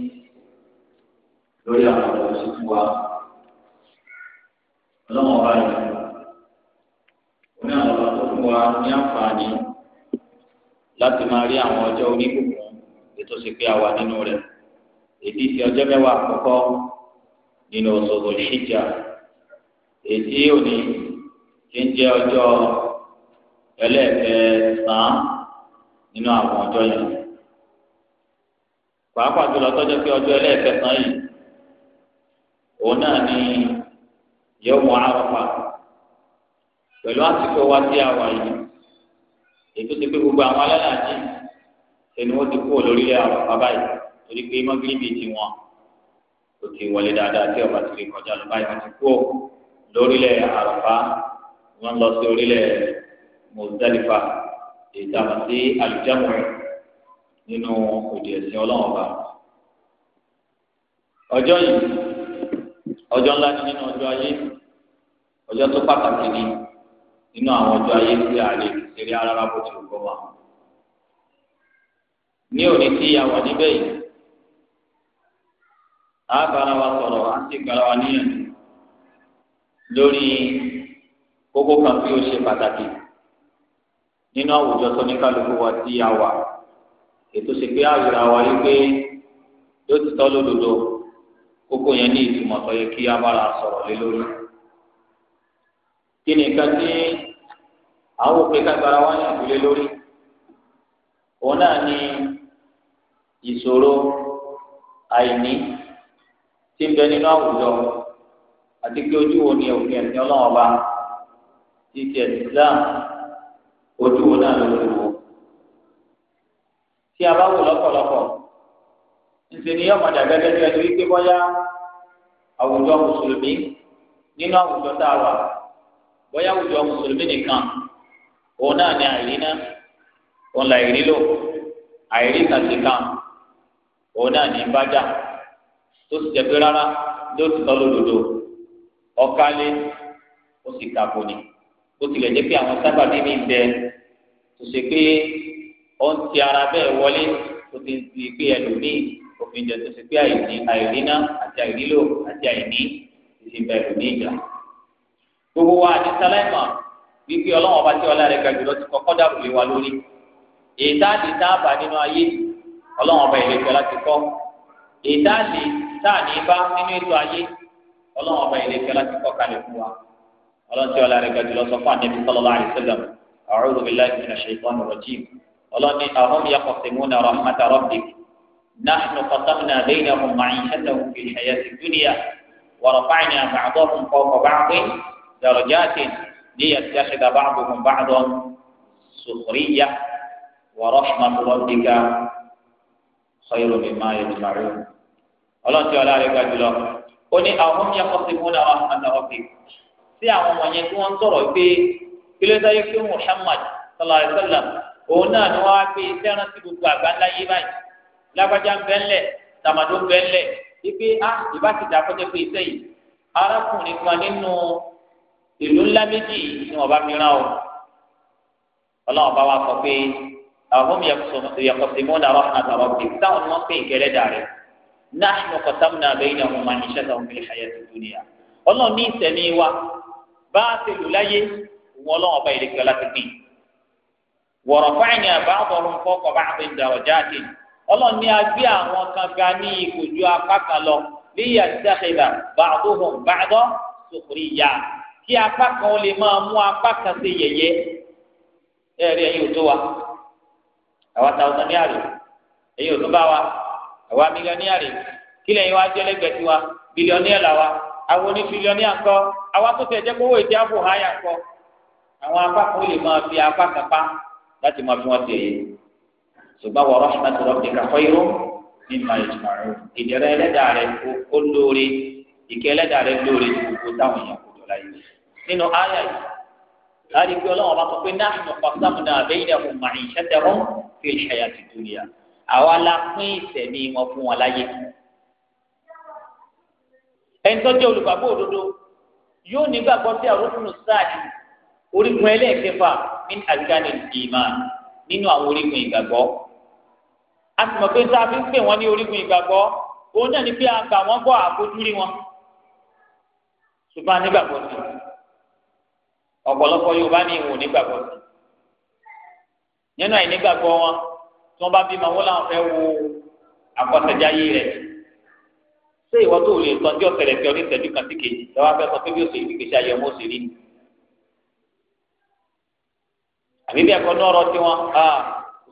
sí lórí àwọn ọ̀rọ̀ tó fún wa ọlọ́mọ ọba yìí oní àwọn ọ̀rọ̀ tó fún wa ní àǹfààní láti máa rí àwọn ọjọ́ oníbùkún ètò sì pé a wà nínú rẹ̀ èdè ti ọjọ́ mẹ́wàá àkọ́kọ́ nínú ọ̀sọ̀gbọ̀n ìṣìjà èdè òní ti ń jẹ́ ọjọ́ ẹlẹ́ẹ̀kẹ́ sàn nínú àwọn ọjọ́ yẹn pàápàá jùlọ tọjọ pé ọjọ́ ẹlẹ́ẹ̀kẹsàn yìí òun náà ni yọmọ àrọpà pẹ̀lú àsìkò wa tí a wà yìí ètò ti pé gbogbo àwọn alálàájì ẹni wọn ti kú lórí àrọpà báyìí torí pé mọgìlìbì ti wọn kò ti wọlé dáadáa tí ọba ti lè kọjá lọ báyìí wọn ti kú lórílẹ̀ àrọpà wọn lọ sí orílẹ̀ Muzdalifa èyí tá a mọ̀ sí alùjáwọ̀ rẹ̀ nínú òdì ẹ̀sìn ọlọ́run ọba. ọjọ́ yìí ọjọ́ ńlá ni nínú ọjọ́ ayé ọjọ́ tó pàtàkì ni nínú àwọn ọjọ́ ayé tí a lè ṣeré arára bó ti gbọ́ wa. ní òní tí a wà níbẹ̀ yìí a bára wa sọ̀rọ̀ a sì gbára wa níyànjú lórí kókó kan tí ó ṣe pàtàkì nínú àwùjọ tó ní kálukú wa tí a wà ètò ṣe pé àwòrán wa yìí pé yóò ti tọ́ lódodo kókó yẹn ní ìtumọ̀ tó yẹ kí abára sọ̀rọ̀ lé lórí. kí ni nǹkan tí àwọn òpè kágbára wá ní ìdílé lórí? òun náà ni ìṣòro àìní tí ń bẹ nínú àwùjọ àti pé ojú wo ni òfin ẹ̀sìn ọlọ́run ọba ti ti ẹ̀sìn Islam ojú wo náà lórí tí a bá wò lọ́pọ̀lọpọ̀ ǹsẹ̀ ni yọ̀mọ̀ dàgbẹ́ gẹ́gẹ́ ẹni wípé bọ́yá àwùjọ mùsùlùmí nínú àwùjọ tá a wà bọ́yá àwùjọ mùsùlùmí nìkan òun náà ni àìrí náà òun là ìrí lò àìrí kàtí kan òun náà ní bájà tó sì jẹ́ pé rárá ló ti tọ́ lódodo ọ̀kálé ó sì kàkó ni bó tilẹ̀ jẹ́ pé àwọn sábàbí mi bẹ tó ṣe pé ó ń ti ara bẹ́ẹ̀ wọlé kó ti ń ti pé ẹlòmíì òfin jẹ tó ti pé àìní àìríná àti àìrílò àti àìní ti ti bẹ ẹlòmíì jà. gbogbo wa àti sáláìmà wípé ọlọ́wọ́n bá tí ọlá rẹ̀ ga jùlọ ti kọ́kọ́ dàrú lé wa lórí èdáàdì dáàbà nínú ayé ọlọ́wọ́n bá ìlẹ̀kẹ́ láti kọ́ èdáàdì táàní bá nínú ètò ayé ọlọ́wọ́n bá ìlẹ̀kẹ́ láti kọ́ kalẹ̀ fún wa ọlọ́wọ́n tí ọlá rẹ̀ ga jùlọ sọ fún àdébí sallallahu alaihi ọlọ́ni ahum yaqsimuna rahmata rabbik nahnu qasamna baynahum ma'ishatahum fil hayati dunya wa rafa'na ba'dahum fawqa ba'din darajatin liyattakhidha ba'duhum ba'dan sukhriya wa rahmatu rabbika khayrun mimma yajma'un ọlọ́ni tí ọlọ́ni gba jùlọ ó ní ahum yaqsimuna rahmata rabbik sí àwọn wọ̀nyẹn tí wọ́n ń sọ̀rọ̀ pé kí ló dáyé pé Muhammad sallallahu alayhi wa sallam òun náà ni wọn wá gbé iṣẹ́ rántí gbogbo àgbáńlá yé báyìí lágbájá ń bẹ́ńlẹ̀ tàmàdó ń bẹ́ńlẹ̀ wípé a ah, ìbá ti dàkọ́jẹ́ pé iṣẹ́ yìí arákùnrin kan nínú ìlú ńlá méjì ni wọn bá fi rán o ọlọ́run bá wa sọ pé àwọn yàtọ̀sí mọ́nà rahmat rabbi táwọn ni wọ́n pè ìkẹlẹ́ dàrẹ́ nahnu qasamna baynahum ma'ishatahum fil hayatid dunya ọlọ́run ní ìsẹ̀mí wa bá a ti lù láyé òun ọlọ́run ọba ìlẹ̀kẹ́ wọ̀rọ̀fáìní àbáwọ̀rún fọ́kọ̀ bá àbí dàrọ̀jáde ọlọ́ni agbé àwọn kan ga ní ipò ju apá kan lọ léyà dákìlà bàdóhùn bàdó sòkòrì yá kí apá kan ó lè máa mú apá kan sí yẹ̀yẹ́ ẹ̀rí ẹ̀yin ò tó wa àwa tàwọn ní àrè ẹ̀yin ò tó bá wa àwa mílíọ̀nì àrè kí lẹ́yìn wa jẹ́ lẹ́gbẹ̀ẹ́ tiwa bílíọ̀nì ẹ̀ là wa àwọn onífílíọ̀nì àkọ́ àwa tó tẹ̀ jẹ́ kówó ìdí àbò háyà kọ́ àwọn apá kan lè máa fi apá kan pa láti máa fi wọn ṣe èyí ṣùgbọ́n wa rahmatu rabbika khayrun mimma yajma'un ìdẹ̀rẹ̀ ẹlẹ́dàá rẹ ó lóore ìkẹ́ ẹlẹ́dàá rẹ lóore ju gbogbo táwọn èèyàn kò dọ̀la yìí nínú àyà yìí láti fi ọlọ́wọ́n bá sọ pé nahnu qasamna baynahum ma'ishatahum fil hayati dunya àwa la pín ìsẹ̀mí wọn fún wọn láyé ẹni tó jẹ́ olùgbàgbọ́ òdodo yóò nígbàgbọ́ sí àrùn fún min àdìgánì ìmàn nínú àwọn orígun ìgbàgbọ́ a sì mọ̀ pé tá a fi ń pè wọ́n ní orígun ìgbàgbọ́ òun náà ni pé a gbà wọ́n gbọ́ àfojúrí wọn ṣùgbọ́n a nígbàgbọ́ sí ọ̀pọ̀lọpọ̀ Yorùbá ní ìwò nígbàgbọ́ sí nínú àìnígbàgbọ́ wọn tí wọ́n bá bímọ wọn làwọn fẹ́ wo àkọsẹ̀jáyé rẹ̀ ṣé ìwọ tó lè tọ́jú ọ̀sẹ̀ rẹ̀ fi ọdún ìṣẹ́jú kan sí kejì lọ́wọ́ fẹ́ sọ pé bí ó ṣe ìdíkejì ayé ọmọ òṣèré ni àbí bí ẹ̀kọ́ nọ́ọ̀rọ̀ tí wọ́n a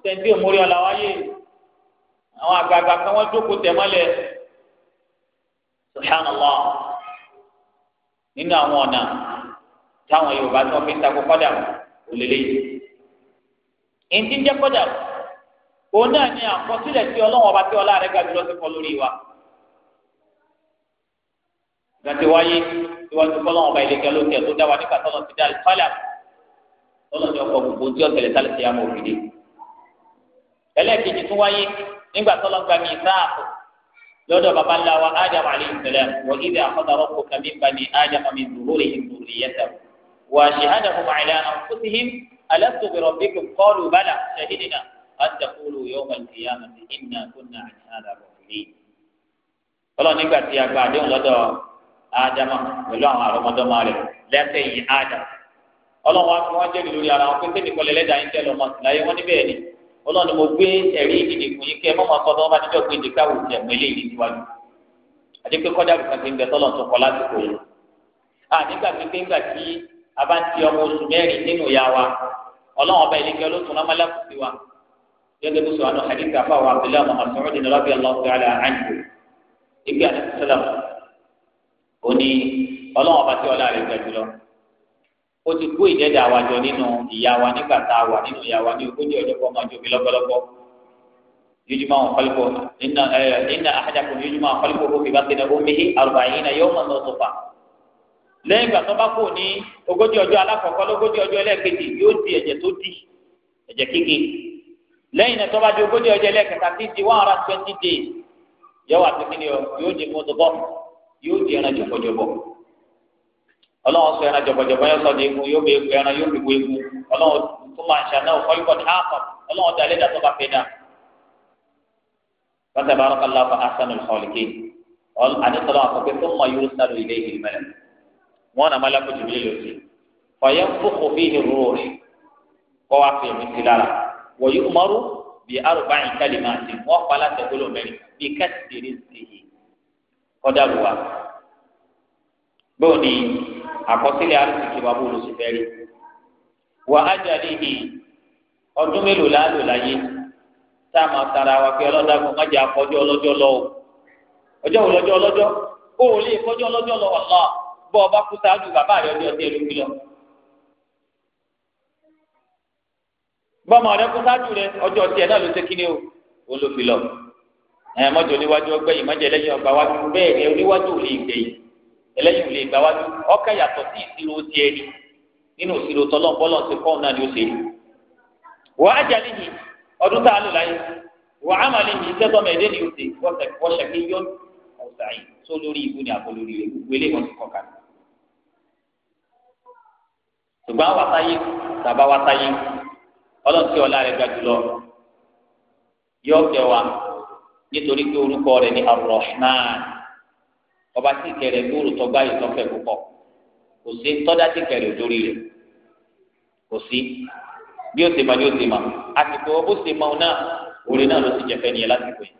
sẹ́ńtì òmórí ọ̀la wáyé àwọn àgbààgbà kan wọ́n jókòó tẹ̀ mọ́lẹ̀ subhanallah nínú àwọn ọ̀nà táwọn Yorùbá tí wọ́n fi ń takò kọ́dà òlélẹ́ yìí. èyí ti ń jẹ́ kọ́dà òun náà ni àkọsílẹ̀ tí ọlọ́wọ́n ọba tí ọlá rẹ̀ ga jùlọ ti kọ lórí wa. gàtí wáyé tí wọ́n ti kọ́ ọlọ́wọ́n ọba ìlẹ̀kẹ́ lókè tó dá nígbà tó lọ sí dá ìfọ́lẹ̀ àpò tọ́lọ́jọ́ kọ gbogbo tí ọ̀tẹ̀lẹ̀ sálẹ̀ ti àmọ́ òfìdè. ẹlẹ́ẹ̀kejì tún wáyé nígbà tọ́lọ́ gba mi sáàpù lọ́dọ̀ baba ńlá wa ájàm aleyhisselam wọ ìdè àkọ́dàrọ́ kò kàmí bani ájàm àmì zuhuri ìdúró yẹtà wà ṣèhádà fún àìlà àǹfùsìhìm alásùbìrọ̀ bí kò kọ́ọ̀lù bàlà ṣèhídìnà àtẹkùlù yóò máa ti yá màtí ìnà tó nà àyàrá rọ̀lẹ́. tọ́lọ́ nígbà tí a gba àdéhùn lọ́dọ̀ ájàm pẹ̀lú àwọn àrọ́mọdọ́mọ rẹ̀ lẹ́sẹ̀ yìí ájàm ọlọ́run wa fi wọ́n jẹ́rìí lórí ara wọn pé sẹ́ni kọ́lẹ̀ lẹ́dà yín tẹ́ lọ́mọ sí láyé wọ́n níbẹ̀ ni ọlọ́run ni mo gbé ẹ̀rí ìdìdì fún yín kẹ́ mọ́mọ́ sọ́dọ̀ wọn bá níjọ́ pé ìdìgbà wò ti ẹ̀mọ́ eléyìí níwájú àti pé kọ́jà kan ti ń bẹ tọ́lọ̀ tó kọ́ lásìkò yìí. a nígbà pípé ńgbà tí a bá ti ọmọ oṣù mẹ́rin nínú ìyá wa ọlọ́run ọba ìlẹ́kẹ́ allah ta'ala anhu ìgbé àti ó ti kó ìdẹ́dà wa jọ nínú ìyá wa nígbà tá a wà nínú ìyá wa ní ogójì ọjọ́ kọ́ máa jomi lọ́pọ̀lọpọ̀ yíjúmọ́ àwọn kọ́líkọ́ nínú ẹ nínú àhàjàkùn yíjúmọ́ àwọn kọ́líkọ́ kó fi bá tẹ̀lé omihi àrùbá yìí náà yóò mọ̀ tó fà. lẹ́yìn ìgbà tó bá kù ní ogójì ọjọ́ alákọ̀ọ́kọ́ lógójì ọjọ́ ẹlẹ́ẹ̀kejì yóò di ẹ̀jẹ̀ tó di ẹ̀jẹ̀ kíkì lẹ́yìn náà tó bá di ogójì ọjọ́ ẹlẹ́ẹ̀kẹta tí di one hundred twenty days yóò wà tó kí ni yóò di mọ́tò bọ́ yóò di ẹran jọ̀kọ̀jọ̀kọ̀ ọlọ́run sọ ẹran jọ̀bọ̀jọ̀bọ̀ yẹn sọ di egun yóò bẹ egun ẹran yóò bẹ bu egun ọlọ́run tó máa ṣà náà ọ̀fọ́ ikọ̀ táàpọ̀ ọlọ́run dalẹ́ dà tó bá fẹ́ dà. bàtà bá rọ́kà lọ́wọ́ asanu ìfọ̀lìkì àdìsọ́lọ́ àkọ́kẹ́ tó mọ yóò sáré ilé ìlú mẹ́rin wọn nà má lápò jùlọ lòsì fàyẹ fòkò fi ní kọ́ wa fi àkọsílẹ̀ àrísìkì bàbá olùsìfẹ́ rí wà á jáde ní ọdún mélòó láàlò láyé tá a máa tara wa pé ọlọ́dàgùn má jẹ́ àkọjọ́ ọlọ́jọ́ lọ o ọjọ́ wo lọ́jọ́ ọlọ́jọ́ o ò lè kọjọ́ ọlọ́jọ́ lọ ọ̀la ọba kú sáájú bàbá ọjọ́ ọdẹ lọ. bọ́mọ kú sáájú ọjọ́ tiẹ̀ náà ló ṣe o ó fi lọ. mọ́jọ oníwájú eléyìí ò lè gbà wájú ọkà yàtọ̀ sí ìṣirò tiẹ̀ ni nínú ìṣirò tọ́lọ́ bọ́lọ̀ ti kọ́ náà ni ó ṣe wọ́n á jalè yìí ọdún tá a lò láyé wọ́n á máa lè yìí sẹ́tọ́ mẹ́ẹ̀ẹ́dẹ́ ni ó ṣe wọ́n ṣàkí yọ́n ọ̀sán yìí tó lórí ibú ni àbọ̀ lórí rẹ̀ gbogbo wọ́n ti kọ́ kalẹ̀ ṣùgbọ́n àwa sáyé tàbá wa sáyé ọlọ́run tí ọlá rẹ̀ ga jùlọ yọ ọ́ kẹwàá nítorí pé orúkọ rẹ̀ ni ọba tí kẹrẹ gbòòrò tọgbà yìí tọfẹ púpọ̀ kò sí tọdá tí kẹrẹ òdórí rẹ kò sí bí ó ti ma ni ó ti ma àsìkò ó ti ma náà òrè náà ló ti jẹ fẹ nìyẹn lásìkò yìí.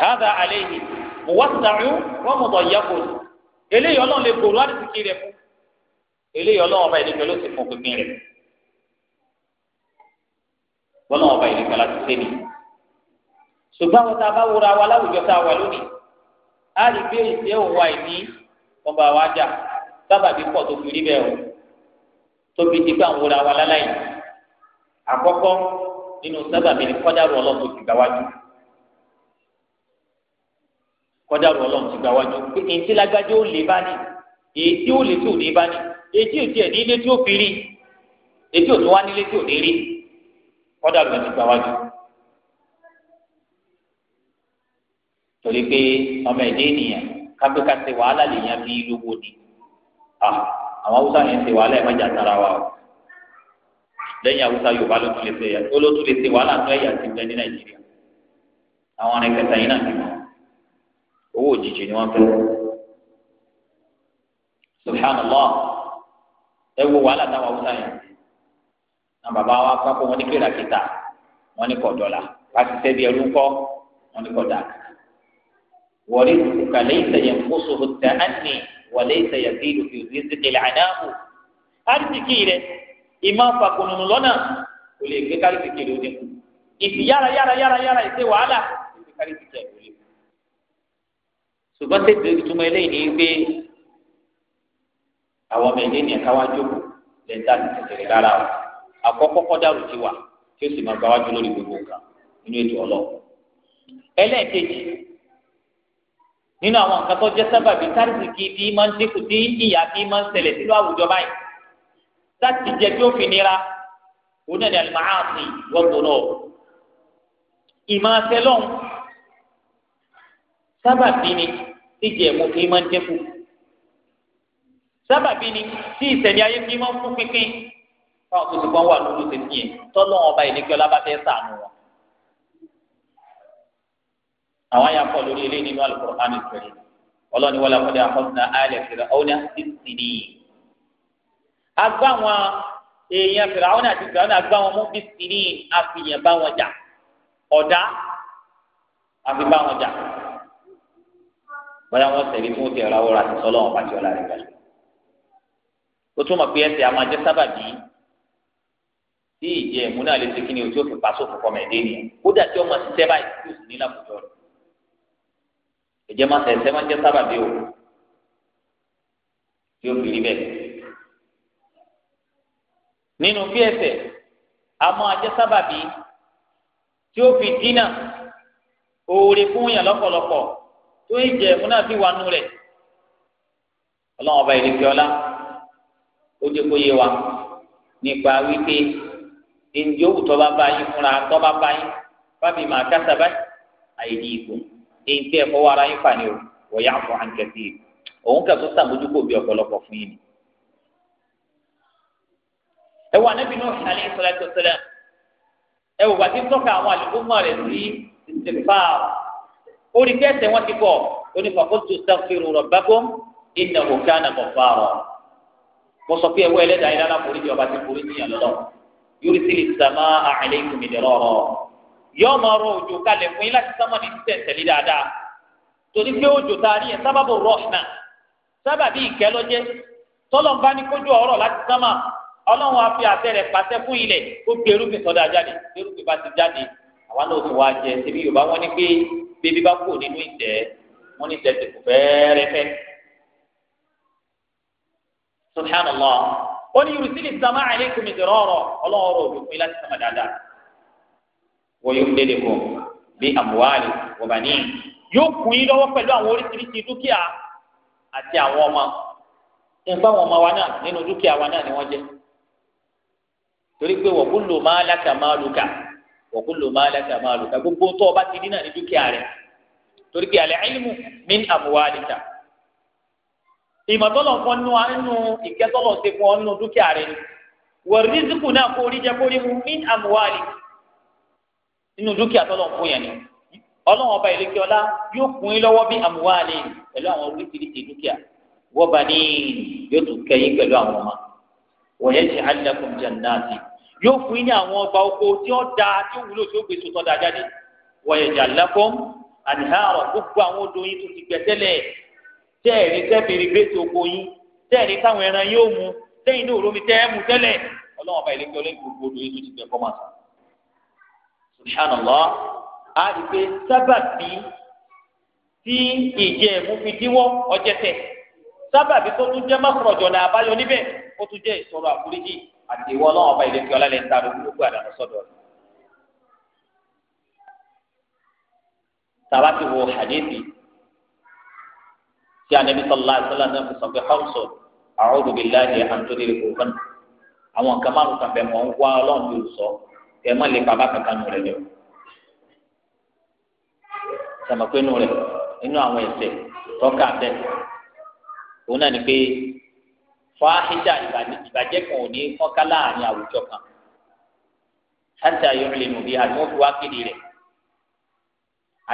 hada aleyhi muwasaɛu wọn mọtọ yako eléyìí Ọlọ́run lè gbòòrò àdìsíkì rẹ fún eléyìí Ọlọ́run ọba ìdíkẹ ló ti fún pínpín rẹ bọlọrun ọba ìdíkẹ láti sẹni ṣùgbọ́n àwọn tá a bá wúra wa láwùjọ tá a wà lónìí a lè gbé ìṣe òwa ìní ọba wa jà sábàbí pọ̀ tó fi rí bẹ́ẹ̀ o tóbi ti gbà ń wúra wa láláì àkọ́kọ́ nínú sábàbí ni kọ́dàrú ọlọ́run ti gbà wájú kọ́dàrú ọlọ́run ti gbà wájú pé èyí lágbájá ó lè bá ní èyí tí ó lè tí ò ní bá ní èyí tí ò ní ilé tí ó fi rí èyí tí ò tún wá nílé tí ò ní rí kọ́dàrú ẹ̀ ti gbà wájú. torí pé ọmọ ẹ̀dẹ́ ènìyàn kápẹ́ká ṣe wàhálà lèèyàn fi lówó ni àwọn haúsá yẹn ṣe wàhálà ẹ̀ má jà tara wa o lẹ́yìn haúsá yorùbá ló tún lè ṣe ó ló tún lè ṣe wàhálà tó ẹ̀yà ti bẹ ní nàìjíríà àwọn arìnrìn yìí náà ti mọ owó òjijì ni wọ́n fẹ́ subhanallah ẹ wo wàhálà táwọn haúsá yẹn na bàbá wa kápẹ́ wọn ní kéré àkìtà wọn ní kọ̀ dọ́là pàṣẹ sẹ́bi ẹ̀rú ńkọ́ wọn ní kọ̀ dàkà. ورزقك ليس ينقصه التأني وليس يزيد في الرزق العناء arziki rẹ ìmọ̀ fàkùnùnù lọ́nà kò lè gbé káríkìkì rẹ ó dínkù ìsì yára yára yára yára ìsè wàhálà ìsì káríkìkì rẹ ó lè kú. ṣùgbọ́n tètè ìtumọ̀ eléyìí ni pé àwọn ọmọ ẹ̀dẹ́ ni ẹ̀ka wá jókòó lẹ́ńtà ti tẹ̀tẹ̀rẹ̀ rárá o àkọ́kọ́ kọ́dàrú ti wà tí ó sì máa gbáwájú lórí gbogbo nǹkan nínú ètò ọlọ́ọ̀ ẹlẹ́ẹ̀kejì nínú àwọn nǹkan tó jẹ́ sábàbí táàsì kí tí máa ń dínkù tí ìyá tí máa ń ṣẹlẹ̀ sílùú àwùjọ báyìí láti jẹ tí ó fi nira òun náà ní alimahaasi lọ́gbọ̀n náà ìmọ̀ àtẹlọ́n sábàbí ni tí jẹ̀mú fi máa ń dínkù sábàbí ni tí ìṣẹ̀lẹ̀ ayé fi máa ń fún pínpín fáwọn tó ti gbọ́n wà lórí ṣe tiẹ̀ tọ́lọ́ ọba ìdíkẹ́ ọlábàtẹ́ sànù wọn àwọn ayé akọ lórí eléyìí nínú Al-Qur'an Al-Karim ọlọ́ni wọlé akọ́dé akọ́sùnà àlẹ́ fìrà ọ̀nà bìsìnì. agbá wọn èèyàn fìrà ọ̀nà àti fìrà ọ̀nà agbá wọn mú bìsìnì àfihàn bá wọn jà ọ̀dá àfi bá wọn jà bóyá wọn sẹ̀rí fún òkè ọ̀rọ̀ àwòrán àti sọ́lọ́ wọn pàṣẹ ọ̀la rẹ̀ gbẹ̀lẹ̀. ó tún mọ̀ pé ẹsẹ̀ àwọn ajẹ́ sábàbí tí ìjẹ́ ìmúná ẹ̀jẹ̀ máa ẹ̀sẹ̀ máa jẹ́ sábàbí o tí ó fi rí bẹ́ẹ̀. nínú bí ẹsẹ̀ a máa jẹ́ sábàbí tí ó fi dínà oore fún yàn lọ́pọ̀lọpọ̀ tó ń jẹ ẹ̀mú náà fi wà nù rẹ̀ ọlọ́run ọba ìrìnkì ọlá ó jẹ́ kó yé wa nípa wípé ǹjẹ́ òwú bá bá yín fúnra tó bá bá yín fábí màá kásábá àìdí ìgbòho èyí tí ẹ fọwọ́ ara yín fà ní o wọ́n yà fọ́ àǹkẹ́tì òun kẹ́tọ́ sàmójúkò bí ọ̀pọ̀lọpọ̀ fún yín ni. ẹ wà níbi náà ṣàlẹ́ ìṣọ̀lẹ́ tó ṣẹlẹ̀ ẹ wò bàtí tọ́ka àwọn àlùkùmọ̀ rẹ̀ sí ìṣèlfà orí kẹsẹ̀ wọn ti bọ̀ onífàkóso sàfihàn rọ̀bákó iná òkè ànàmọ̀fà rọ̀ mo sọ pé ẹwọ́ ẹlẹ́dàá ìlànà foríjì yóò máa rọ òjò kalẹ̀ fún yín láti sámọ̀nì tẹ̀tẹ̀lé dáadáa torí pé òjò tá a rí yẹn sábàbò rọ̀ṣnà sábàbí ìkẹ́ lọ́jẹ́ tọ́lọ̀ ń bá ní kójú ọ̀rọ̀ láti sámọ̀ ọlọ́run á fi àtẹ rẹ̀ pàṣẹ fún ilẹ̀ kó gbé erúgbìn sọ́dá jáde erúgbìn bá ti jáde àwa náà tó wá jẹ ṣebí yorùbá wọn ní pé bébí bá kú nínú ìtẹ́ wọn ní tẹ̀sí kù fẹ́ẹ́rẹ́fẹ́ subhanallah ó ní yorùsílì sàmà àlékún mi dìrọ̀rọ̀ ọlọ́run ọ̀rọ̀ wọ́n yóò dé lẹ́kọ̀ọ́ bí àmúwárì wọ̀bàní yóò kún yín lọ́wọ́ pẹ̀lú àwọn oríṣiríṣi dúkìá àti àwọn ọmọ nípa àwọn ọmọ wa náà nínú dúkìá wa náà ni wọ́n jẹ́ torí pé wa kullu ma laka maluka wa kullu ma laka maluka gbogbo tó o ti ní ní dúkìá rẹ̀ torí pé al-ilmu min amwalika ìmọ̀tọ́lọ̀ kan nú nínú ìkẹ́tọ́lọ̀ ṣe fún ọ dúkìá rẹ̀ ni nínú dúkìá tọ́lọ̀ ń fún yẹn ni ọlọ́wọ́n ọba ìlékè ọlá yóò kún yín lọ́wọ́ bí àmúwáàlì pẹ̀lú àwọn oríṣiríṣi dúkìá wọ́n bá ní yóò tún kẹ́yìn pẹ̀lú àwọn ọmọ wọ́n yẹn ti alákùn jannati yóò fún yín ní àwọn ọgbà oko tí ó da tí ó wúlò tí ó gbèsò tọ́da jáde wọ́n yẹn jà lákùn àdìhàrọ̀ gbogbo àwọn odò yín tó ti gbẹ tẹ́ẹ̀rí tẹ́ẹ̀ subhanallah a rí pé sábàbí tí ìjẹ́ ẹ̀mú fi díwọ́ ọjẹ́ tẹ̀ sábàbí tó tún jẹ́ mọ́kànlọ́jọ́ náà àbáyọ níbẹ̀ ó tún jẹ́ ìṣòro àforíjì àti ìwọ ọlọ́run ọba ìlẹ́kẹ́ ọlá lẹ́ta ló gbogbo àdánù sọ́dọ̀ rẹ̀. tàbá wo hadithi tí anabi sallallahu alaihi wasallam náà fi sọ pé hamsun a'udhu billahi an tudriku àwọn kan márùn-ún kan bẹ̀ mọ́ ń wá ọlọ́run yóò sọ kẹ má lè bàbá kankan nù rẹ lẹ o sàmàpé nù rẹ inú àwọn ẹsẹ tọ́ka bẹ òun náà ni pé fáhíjà ìbàjẹ́ kan ò ní fọ́nká láàrin àwùjọ kan láti ayọ̀rọ̀ lè nù bí àdúgbò wá kéde rẹ̀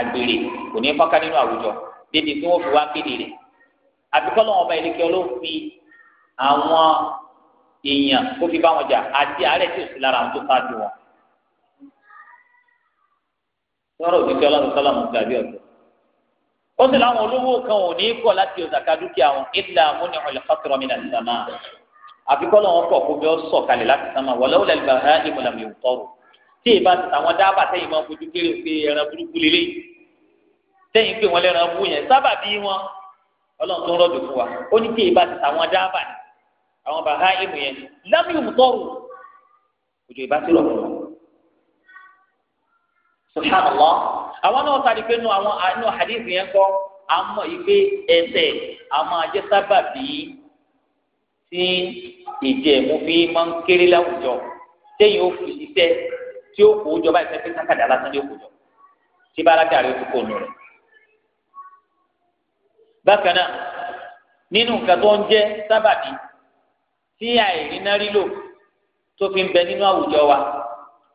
àgbèrè kò ní fọ́nká nínú àwùjọ débi tí wọ́n fi wá kéde rẹ̀ àbíkọ́lọ́ ọba ìlẹ́kẹ́ ló fi àwọn èèyàn kó fi bá wọn jà àti àárẹ̀ tí ò sí lára àwọn tó sáájú wọn lọ́rọ̀ òjijì ọlọ́run sọ́lá mọ̀ gàdí ọ̀tọ̀ ó sì láwọn olówó kan ò ní kọ̀ láti ọ̀zàká dúkìá wọn ìlà múni ọ̀lẹ̀ fọ́tọ̀rọ̀ mi náà sàmà àfikọ́ lọ́wọ́ kọ̀ kó bí ó sọ̀ kalẹ̀ láti sàmà wọ́n lọ́wọ́ lẹ́nu bàbá ìmọ̀lá mi ò tọrọ tí ì bá àwọn dábàá tẹ́yìn máa fojú kéré pé ẹran burúkú lélẹ̀ tẹ́yìn pé wọ́n lẹ́ran bú yẹn sábà bí wọn ọlọ́run subhanallah àwọn náà sáré pé nu àwọn àánú hadith yẹn kọ́ àmọ́ ìgbé ẹsẹ̀ àmọ́ ajẹ́sábàbí tí ìjẹ̀mú fi máa ń kéré láwùjọ téèyàn ó fi ṣiṣẹ́ tí ó kó jọba ìfẹ́fẹ́ sákàdá lásán ló kó jọ tí bárakà rẹ ti kó nù rẹ. bákan náà nínú nǹkan tó ń jẹ́ sábàbí tí àìrí lò tó fi ń bẹ nínú àwùjọ wa.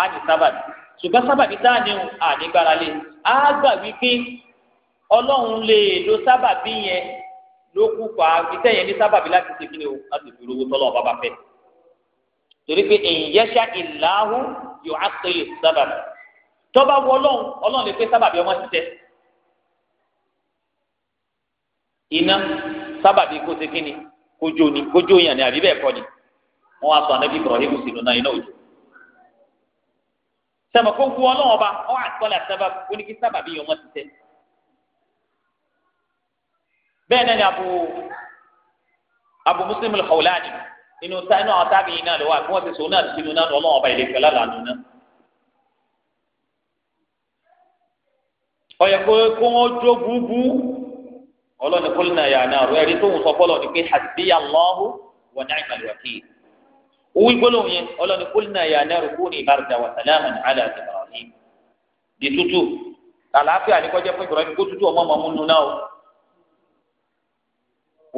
á ní sábàbí ṣùgbọ́n sábàbí tá a ní ànígbára lé á gbà wípé ọlọ́run lè lo sábàbí yẹn ló kú pa iṣẹ́ yẹn ní sábàbí láti ṣe kí ni o láti fi rówó tọ́lọ́ ọba bá fẹ́ torí pé ìyẹ́ṣà ìlàhùn yóò á pè é sábàbí tọ́ba wọ ọlọ́run ọlọ́run lè pé sábàbí ọmọ ti tẹ́ iná sábàbí kó ṣe kí ni kójó ni kójó yàn ni àbí bẹ́ẹ̀ kọ́ ni wọ́n wá sọ anábì Ibrahim sínú náà iná òjò sẹ́mi kó gun ọlọ́run ọba ọ́ àtọ́lá sábà oníkí sábà bí ọmọ ti tẹ́. bẹ́ẹ̀ náà ni abu abu muslim al-khawlani inú ta inú àwọn tábìlì náà lọ́wọ́ àbí wọ́n ti sòun náà sínú náà ọlọ́run ọba ìlẹ̀kẹ́ lálàánú náà. ọ̀yẹ̀ kó kó wọ́n jó búbú ọlọ́ni kólínà yà náà rẹ̀ rí tóun sọ fọ́lọ́ ni pé hasbiyallahu wa ni'mal wakeel owó ìgbólóhùn yẹn ọlọ́ni qulna ya naru kuni bardan wa salaman ala Ibrahim di tútù àlàáfíà ní kọjá fún Ibrahim kó tútù ọmọ ọmọ múnú náà o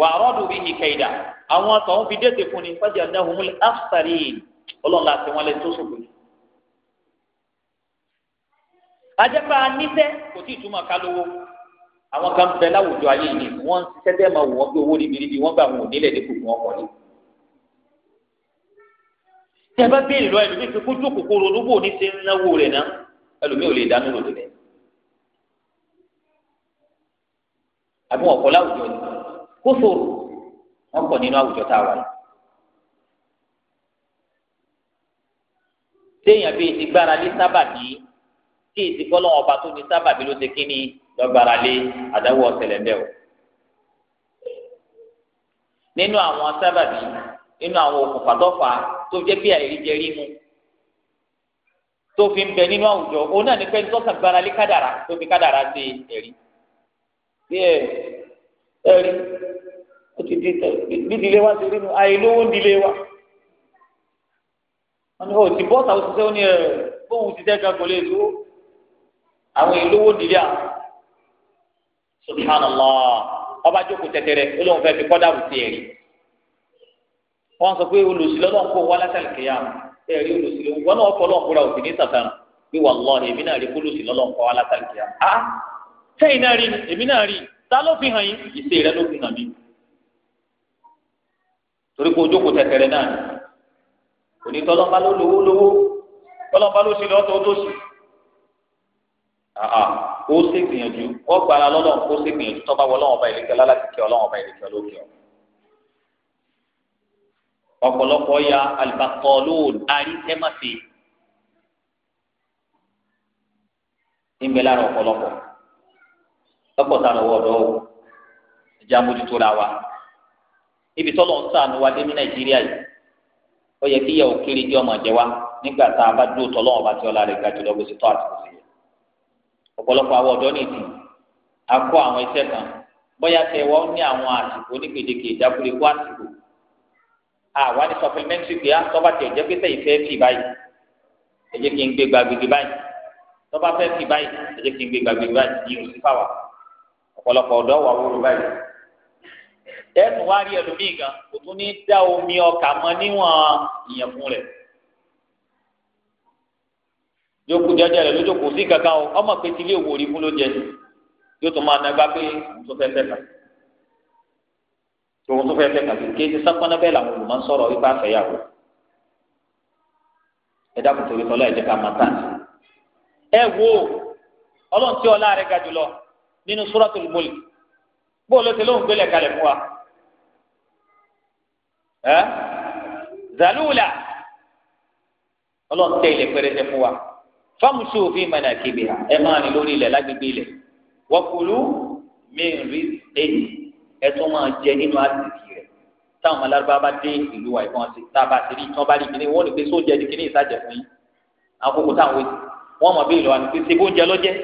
wa aradu bihi kaida àwọn àtọ̀hún fi dé tẹ̀kùn ní fajalnahumul akhsarin ọlọ́run láti wọn lẹ tó sòkò yìí. ajẹ́pá níṣẹ́ kò tí ì túmọ̀ ká lówó àwọn kan bẹ láwùjọ ayé yìí wọ́n tí a bá béèrè lọ ẹlòmíì fi kójú kòkòrò olúbò ní ṣe náwó rẹ̀ náà ẹlòmíì ò lè dánú lòdì rẹ̀ àbí wọn kọ láwùjọ ni kó sòrò wọn kọ nínú àwùjọ tá a wà yìí. téèyàn bíi ti gbára lé sábàbí kí èsì kọ́lọ́ ọba tó ní sábàbí ló ṣe kí ni lọ́gbára lé àdáwọ̀ ọ̀sẹ̀lẹ̀ ń bẹ̀ o. nínú àwọn sábàbí nínú àwọn òkùnfà tọ́fà tó jẹ́ bí àìríjẹ rímu tó fi ń bẹ nínú àwùjọ òun náà ní pẹ́ ní sọ́kàn gbára lé kádàrá tó fi kádàrá ṣe ẹ̀rí. bí ẹ ẹ̀rí ó ti di bí ìdílé wa ṣe rí nu àìlówó ń dilé wa. wọ́n ní òtí bọ́ọ̀sì àwọn òṣìṣẹ́ ó ní ẹ̀ bóun ti dẹ́ka kò lè dúró àwọn ìlówó dilé à subhanallah ọba jókòó tẹtẹrẹ ó lóun fi kọ́dà wù sí ẹ̀rí wọn sọ pé olùsí lọ́dọ̀ kó wá látàlí kẹyà ẹ rí olùsí lọ́dọ̀ wọn náà fọlọ́ kóra òsì ní sàtàrà pé wallahi èmi náà rí olùsí lọ́dọ̀ kó wá látàlí kẹyà á ah! sẹ́yìn náà rí èmi náà rí ta ló fi hàn yín ìṣe rẹ ló fi hàn mí torí pé ojókòó tẹtẹrẹ náà ni òní tọ́lọ́mbá ló lówó lówó tọ́lọ́mbá ló sì lọ́tọ̀ ó tó sì ó ṣègbìyànjú ó gbára lọ́dọ̀ ó ṣègbìyànjú tọ́ba ọ̀pọ̀lọpọ̀ ya alibatọ́lóòn àríṣẹ́màṣe níbẹ̀ lára ọ̀pọ̀lọpọ̀ lọ́pọ̀ sànù wọ̀dọ̀ o ẹja mójútó la wa ibi tọ́lọ̀ ń sànù wa dé ní nàìjíríà yìí ó yẹ kí ìyàwó kiri jẹ́ ọmọ jẹ wa nígbà tá a bá dúró tọ́lọ́ ọba tí ọlá rẹ̀ ga jùlọ bó ṣe tọ́ àti bó yẹ ọ̀pọ̀lọpọ̀ àwọn ọ̀dọ́ nìdí akọ àwọn iṣẹ́ kan bóyá tẹ wọ́n ní àwọn àsìkò onígbèdéke ìdákùrẹ́ kó àsìkò àwa ní supplementary pé ah, á tọ́ba tẹ̀ jẹ́ pé sẹ́yìn fẹ́ fi báyìí ẹ jẹ́ kí n gbé gbàgbègbè báyìí tọ́ba fẹ́ fi báyìí ẹ jẹ́ kí n gbé gbàgbègbè báyìí yìí ò sí fáwa ọ̀pọ̀lọpọ̀ ọ̀dọ́ wà wúru báyìí tẹ́ẹ̀tù wá rí ẹlòmíì gan kò tún ní dá omi ọkà mọ́ níwọ̀n ìyẹ̀fun rẹ̀ yókù jẹjẹ rẹ lójókòó sí kankan ọmọ pé tilé fún ló jẹ yóò tún máa nàgbà pé tó fẹ́ fẹ́ fà tòun tó fẹ́ẹ́ fẹ́ kàbí kéde sápọnà bẹ́ẹ̀ làwọn olùmọ̀ ń sọ̀rọ̀ wípé àfẹ́yàwó ẹ dákun torí tọ́lá ẹ jẹ́ ká máa tàn ẹ wo ọlọ́run tí ọlá rẹ̀ ga jùlọ nínú suratul mulk bó ló ti lóun gbélé kalẹ̀ fún wa ẹ zàlúùlà ọlọ́run tẹ ilẹ̀ pẹrẹsẹ fún wa fámùsù òfin mọ̀nà kébìà ẹ máa rìn lórí ilẹ̀ lágbègbè ilẹ̀ wọ́pùlù mí rí èyí ẹ tún máa jẹ nínú àdìsí rẹ̀ táwọn alárúbá bá dé ìlú wa ìfọ̀n sí tá a bá ti rí tán bá rí kíní wọ́n ní pé sóúnjẹ di kíní ìsájẹ fún yín àkókò táwọn wé wọ́n mọ̀ bí ìlú wa ní pé ṣebí oúnjẹ lọ́jẹ́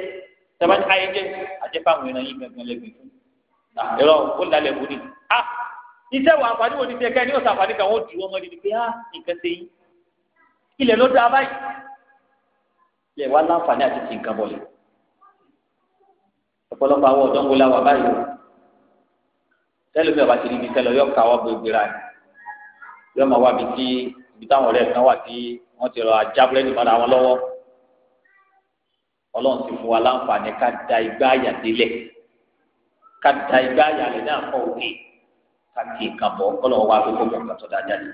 tẹ́bá ní ayé jẹ́ àjẹpáwọn èèyàn yín gbẹ̀ngàn lẹ́gbẹ̀ẹ́ fún ẹ̀rọ ah, ó lálẹ́ wò ni a ah, iṣẹ́ wa àǹfààní wo ni ti ẹ̀kẹ́ ní ọ̀sán àǹfààní kan wọ́n ju ọmọ yìí pé a ah, nǹkan ṣe yín ilẹ̀ ló dáa báyìí ilẹ̀ wa láǹfààní àti ti nǹkan bọ̀lẹ̀ ọ̀pọ̀lọpọ̀ àwọn ọ̀dọ́ ń wo la wà báyìí tẹ́lẹ̀ mi ọba ti rí ibi tẹ́lẹ̀ yọ káwọ́ gbégbéra ni yọ máa wá bi tí ibi táwọn ọ̀rẹ́ kan wà tí wọ́n ti rọ ajá búrẹ́dì mọ́ra wọn lọ́wọ́ ọlọ́run ti fún wa láǹfààní ká da igbá àyà délẹ̀ ká da igbá àyà rẹ̀ náà kọ́ òkè ká kì í kàn bọ́ ọlọ́run wá fún kókò kan tó dá jáde.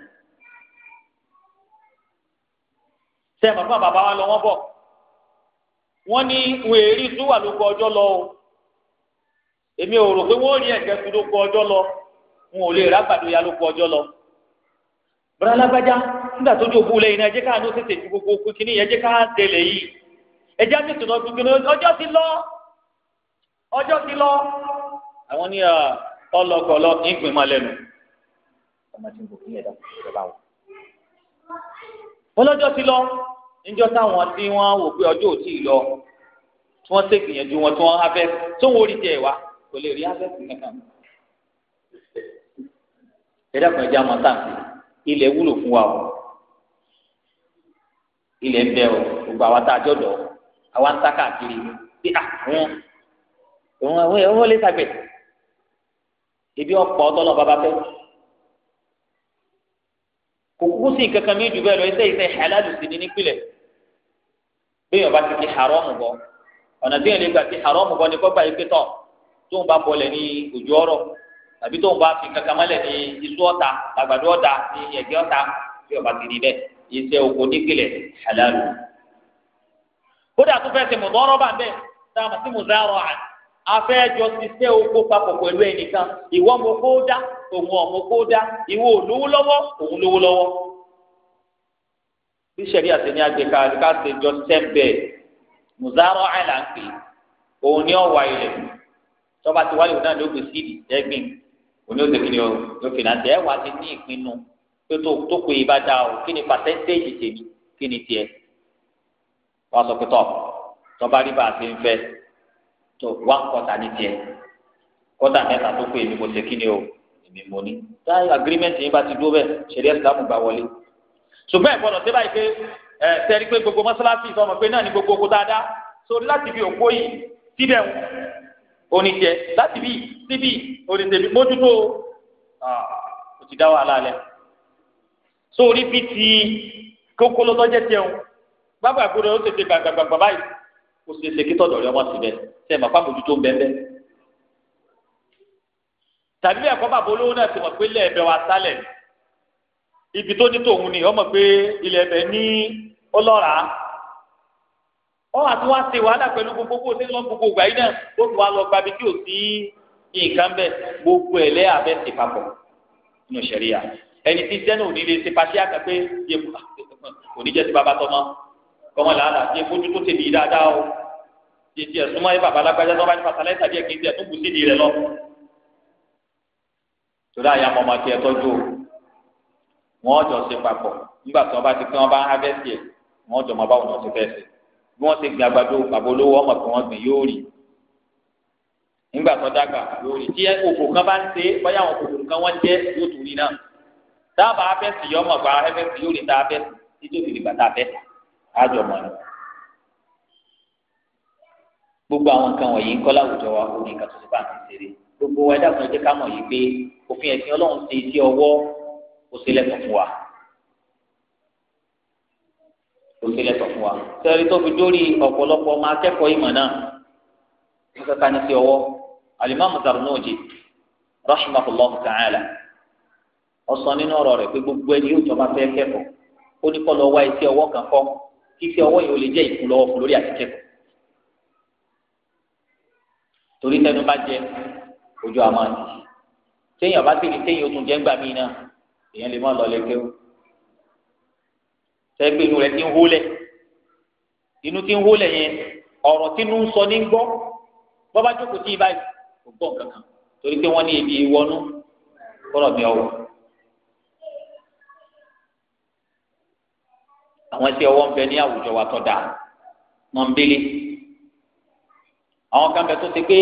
sẹ́ẹ̀ bàbá bàbá wa lọ wọ́n bọ̀ wọ́n ní wọ́n èrí zúwà ló o. èmi ò rò pé wọ́n rí ẹ̀jẹ̀ tu ló kọ ọjọ́ lọ wọn ò lè rábàdó ya ló kọ ọjọ́ lọ. bọ́dá lágbájá nígbà tó jòkó lẹ́yìn náà ẹ̀jẹ̀ káàánú tètè ju gbogbo okùn kínní ẹ̀jẹ̀ ká tẹ̀lé yìí ẹ̀jẹ̀ á tètè lọ ọjọ́ ti lọ ọjọ́ ti lọ. àwọn ní ọlọkọlọ ìpín máa ọlọ́jọ́ ti lọ níjọ́ táwọn tí wọ́n wò pé ọjọ́ ò tí ì lọ tí wọ́n ṣègbìyànjú wọn tí wọ́n á fẹ́ tó ń kò lè rí abẹ́sì kankan. ẹ̀rọ kan jẹ́ àmọ́ táǹtì ilẹ̀ wúlò fún wa o ilẹ̀ ń bẹ o gbogbo àwa tá a jọ lọ àwa ń ta káàkiri bí àwọn òun àwọn èèyàn wọlé sàgbẹ̀ ibi ọ̀pọ̀ ọ̀tọ́nà bàbá fẹ́ kò kú sí kankan mi jù bẹ́ẹ̀ lọ iṣẹ́ iṣẹ́ halalu sí ni nípìnlẹ̀ bí Yorùbá ti fi haramu bọ̀ ọ̀nà bí Yorùbá ti haramu bọ̀ ni kó gba ìpè tán tóun bá bọlẹ̀ ní òjò ọ̀rọ̀ tàbí tóun bá fi kankan mọ́lẹ̀ ní iṣu ọ̀ta àgbàdo ọ̀ta ní ẹ̀gẹ́ ọ̀ta tí ọba ti di bẹ́ẹ̀ iṣẹ́ oko nípìnlẹ̀ halalu. kódà tó fẹ́ ṣe mọ̀tọ́rọ́ bá ń bẹ́ẹ̀ tá a mọ̀ sí mùsàárọ̀ àná afẹ́jọ ti ṣe oko papọ̀ pẹ̀lú ẹnìkan ìwọ mo kó dá òun ọmọ kó dá ìwọ olówó lọ́wọ́ òun lówó lọ́wọ́. bí sẹ́rí àti ní agbèká ká ṣe jọ sẹ́ńbẹ̀ẹ́ mùsàárọ̀ àná òun ní ọ̀wà ilẹ̀ tọ́ba ti wáyò náà ló gbé síìdì ẹ̀gbìn òní òsè kìnìún lókè náà tẹ̀ ẹ̀ wá ti ní ìpinnu tó tó kó ibà dá o kí ni pàṣẹ́ntéèjì tèmi kí ni tiẹ̀ wọ́n sọ pé tọ́ tọ́ba rí bá a ti ń fẹ́ tó wá kọ́ta ní tiẹ̀ kọ́ta mẹ́ta tó kó èmi mo ṣe kìnìún o èmi mo ní. táyà agirímẹ́ǹtì yín bá ti dúró bẹ́ẹ̀ ṣẹlẹ̀ ìsìlámù gbà wọlé ṣùgbọ́n ẹ̀gbọ́n ṣe báyìí pé ẹ tẹ́rí pé gbogbo mọ́ṣáláṣí ìsọmọ pé náà ní gbogbo oníjẹ láti bí síbí oníṣẹ́bí mójútó o ah, ti dá wàhálà lẹ. so orí fi ti kókó lọ́tọ́jẹ́ jẹun gbàgbà gbọdọ̀ ó tètè gbàgbàgbà báyìí ó sì ṣe kí tọ̀dọ̀ rẹ ọmọ síbẹ̀ ṣe màpá mójútó ń bẹ́ẹ̀ tàbí ẹ̀kọ́ bàbá olówó náà ti mọ̀ pé ilé ẹ̀bẹ̀ wa sálẹ̀ ibi tó ní tòun ni ọmọ pé ilé ẹ̀bẹ̀ ní ọlọ́ràá ọ àti wá ṣe wàhálà pẹ̀lú gbogbo kó o ṣe lọ gbogbo ìgbà yìí náà ó tún wá lọ gba ibi tí ò sí nǹkan bẹ́ẹ̀ gbogbo ẹ̀ lẹ́yà bẹ́ẹ̀ ṣe papọ̀ nínú ṣẹ̀ríyà ẹni tí sẹ́nu ò ní lè ṣe pàṣẹ àkàpé yẹ ah, kò ní jẹ́ ti bàbá tọmọ kọ́mọ làálà yẹ fojú tó ṣe nìyí dáadáa o yẹ tiẹ̀ súnmọ́ yẹ bàbá alágbájá tó bá ní fàtàlẹ́sà díẹ̀ kì í tiẹ̀ tó kù sí rẹ lọ. torí àyà mọ̀mọ́ tiẹ̀ tọ́jú o wọ́n jọ ṣe papọ̀ nígbà tí wọ́n bá ti pín wọn bá ń hábẹ́sì ẹ̀ wọ́n jọ mọ báwọn ọ̀sẹ̀ fẹ́ẹ́ bí wọ́n ti gbìn àgbàdo bàbá olówó ọmọ kan wọ́n gbìn yóò rí nígbà tó dàgbà yóò rí tí òkò kan bá ń ṣe bóyá àwọn kòkòrò kan wọ́n jẹ́ yóò tún rí náà dábàá abẹ́sì yọ ọmọ gba abẹ́sì yóò rí tá abẹ́sì títí òfin ìgbà tá abẹ́sì ájọ mọ̀ ní. gbogbo àwọn nǹkan wọ̀nyí ń kọ́ wa ó ní ìkàtúntì bá ń ṣeré gbogbo ẹ̀dá kan jẹ́ ká mọ̀ yìí pé òfin ẹ̀sìn ọlọ́run ṣe iṣẹ́ ọwọ́ kò sí fún wa òkè lẹtọ fún wa sẹẹri tó fi dórí ọ̀pọ̀lọpọ̀ ọmọ akẹ́kọ̀ọ́ ìmọ̀ náà wọn kankan ní sí ọwọ́ alimami Zarnuji rahimahullah ta'ala ọsàn nínú ọ̀rọ̀ rẹ̀ pé gbogbo ẹni yóò jọba fẹ́ kẹ́kọ̀ọ́ ó ní kọ́ lọ wá iṣẹ́ ọwọ́ kan kọ́ kí iṣẹ́ ọwọ́ yìí ó lè jẹ́ ìkúlọ́wọ́ fún lórí àti kẹ́kọ̀ọ́ torí tẹnu bá jẹ ojú àmọ́ àti téèyàn bá tẹ̀lé téèyàn ó tún jẹ́ ńgbà míì náà èèyàn lè má lọ lẹ́kẹ́wọ́ sẹ́gbẹ́ inú rẹ̀ ti ń hólẹ̀ inú ti ń hólẹ̀ yẹn ọ̀rọ̀ tí inú ń sọ ní gbọ́ bọ́bá jókòó tí ibà kò gbọ́ kankan torí pé wọ́n ní ibi ìwọ́nú kọ́rọ̀ mi ọ̀wọ́. àwọn iṣẹ́ ọwọ́ ń bẹ ní àwùjọ wa tọ́ da mọ̀ ń bẹ́lẹ̀ àwọn kan bẹ tó ti pé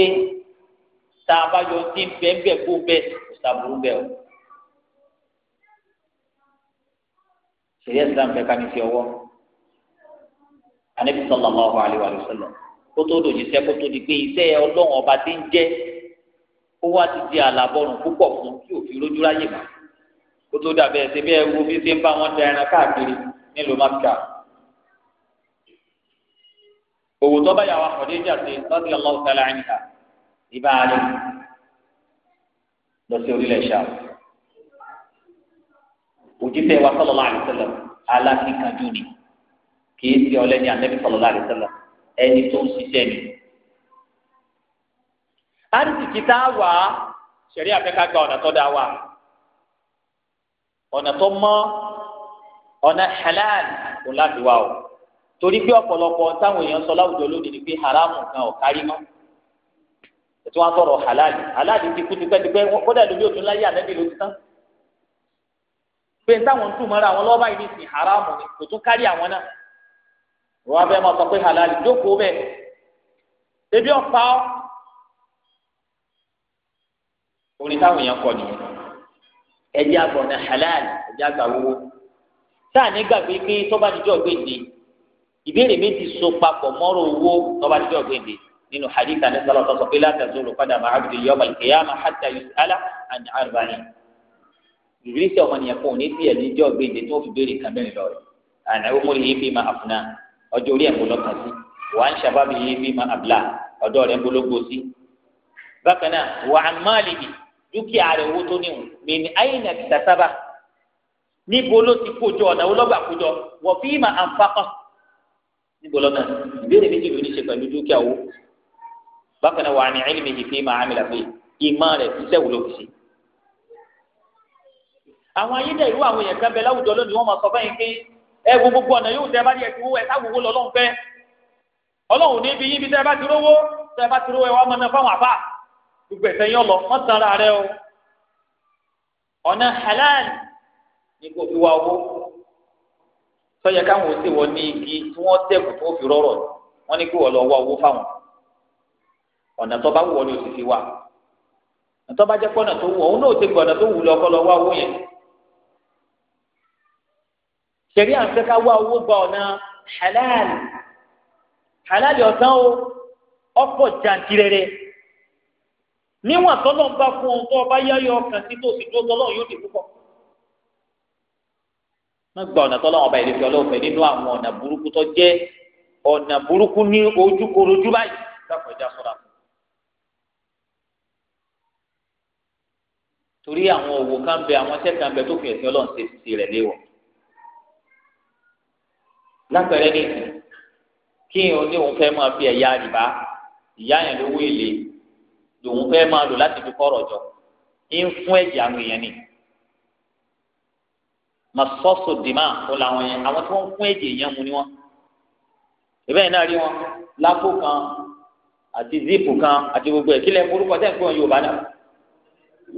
tá a bá yọ sí bẹ́ẹ̀ bẹ́ẹ̀ kó bẹ́ẹ̀ kó sábúrú bẹ́ẹ̀ o. sẹ̀rí islam fẹ́ ká ní fi ọwọ́ anabi sallallahu alayhi wa sallam kótó dòjíṣẹ́ kótó di pé iṣẹ́ ọlọ́run ọba ti ń jẹ́ ó wá ti di àlàbọ̀rùn púpọ̀ fún kí òfin lójú ráyè mọ́ kótó dàbẹ̀ ẹsẹ̀ bí ẹrú bí ṣe ń bá wọn da káàkiri nílùú maka òwò tó bá yà wá kọ̀dé jáde lọ́sí ọlọ́run tẹ́lẹ̀ àyìnká ìbá alẹ́ lọ sí orílẹ̀ ṣáà òjíṣẹ́ wa sallallahu alaihi wasallam alákìkanjú ni kìí ṣe ọlẹ́ni ànábì sallallahu alaihi wasallam ẹni tó ń ṣiṣẹ́ ni. àrísìkí tá a wà ṣẹ̀rí àfẹ́ká gba ọ̀nà tó dáa wà ọ̀nà tó mọ́ ọ̀nà halal kò láti wá o torí pé ọ̀pọ̀lọpọ̀ táwọn èèyàn sọ láwùjọ lónìí ni pé haramu kan ò kárí mọ́ ètò wọn sọ̀rọ̀ halal halal ti kú tipẹ́tipẹ́ kódà lóbi òtún láyé ànábì ló ti tán pé n táwọn tún mọ́ra àwọn lọ́wọ́ báyìí ní ìsìn haramu ni kò tún kárí àwọn náà wọ́n á fẹ́ máa sọ pé halali jókòó bẹ́ẹ̀ ebi ọ̀pá ọ́ orí táwọn èèyàn kọ nìyẹn ẹ̀jẹ̀ àgbọ̀nà halali ẹ̀jẹ̀ àgbà wọ́wọ́ sáà nígbàgbé pé tọ́ba níjọ́ gbèdé ìbéèrè méjì so papọ̀ mọ́rọ̀ owó tọ́ba níjọ́ gbèdé nínú hadith anisalaam sọ pé látàzó olùpadà máa abudulayi ọmọ ìrísí ọmọnìyàn fún òní tí ẹni jẹ́ ọ̀gbẹ́ndé tí wọ́n fi béèrè kan mẹ́rin lọ rẹ̀ àná ọmọlẹ̀ yìí fi máa àfúnà ọjọ́ orí ẹ̀mú lọ́kàn sí wà á ń ṣàbábi yìí fi máa àbúlà ọ̀dọ́ rẹ̀ ń bológbó sí. bákan náà wà á má lè yìí dúkìá rẹ̀ owó tó níwò mẹ́ni ayé ní àtìtà sábà níbo ló ti kójọ ọ̀nà wo lọ́gbà kójọ wọ̀ fi máa àǹfààkọ́ níbo lọ́nà ìbéèrè méjì ló ní ṣe pẹ̀lú dúkìá owó bákan náà wà á ní àwọn ayédèrú àwọn èèyàn kan bẹ láwùjọ lónìí wọ́n máa sọ báyìí pé ẹ wo gbogbo ọ̀nà yóò tẹ́ bá díẹ̀ tí owó ẹ̀ táwùwó lọ lọ́hùn fẹ́ níbi yín bí tẹ́ bá ti rówó tẹ́ bá ti rówó ẹ wá mọ́nà fáwọn àbá gbogbo ẹ̀sẹ̀ yín ọlọ wọ́n tan ara rẹ o ọ̀nà halal ni kò fi wá owó sọ́yà káwọn òsè wọ́n ní igi tí wọ́n tẹ̀kù tó fi rọ́rọ̀ wọ́n ní kí wọ́n lọ wá owó fáwọn ọ̀nà tó bá wù ṣẹ̀rí a ń fẹ́ ká wá owó gba ọ̀nà halal halal ọ̀sán o ọ̀pọ̀ jàǹtìrẹrẹ níwọ̀n tọ́lọ̀ ń bá fún ohun ọba yáyọ ọkàn sí tó sì tó tọ́lọ̀ yóò púpọ̀ wọ́n gba ọ̀nà tọ́lọ̀ ọba ìrètí ọlọ́ọ̀fẹ́ nínú àwọn ọ̀nà burúkú tó jẹ́ ọ̀nà burúkú ní ojúkorojú báyìí dákọ̀ ẹja sọ́ra fún torí àwọn òwò kan bẹ àwọn kan bẹ tó fi ẹ̀sìn ọlọ́run ṣe lápẹ̀rẹ́ nìyí kí òun ní òun fẹ́ máa fi ẹ̀yà àdìbá ìyá yẹn lówó èlé lòun fẹ́ máa lò láti fi kọ́rọ̀ jọ ń fún ẹ̀jẹ̀ àwọn èèyàn ni masọ́sọ dìmá kó làwọn yẹn àwọn tí wọ́n ń fún ẹ̀jẹ̀ èèyàn mu ni wọ́n ìbẹ́ yẹn náà rí wọn lápò kan àti zipu kan àti gbogbo ẹ̀ kílẹ̀ orúkọ tẹ̀ ń pè wọn Yorùbá náà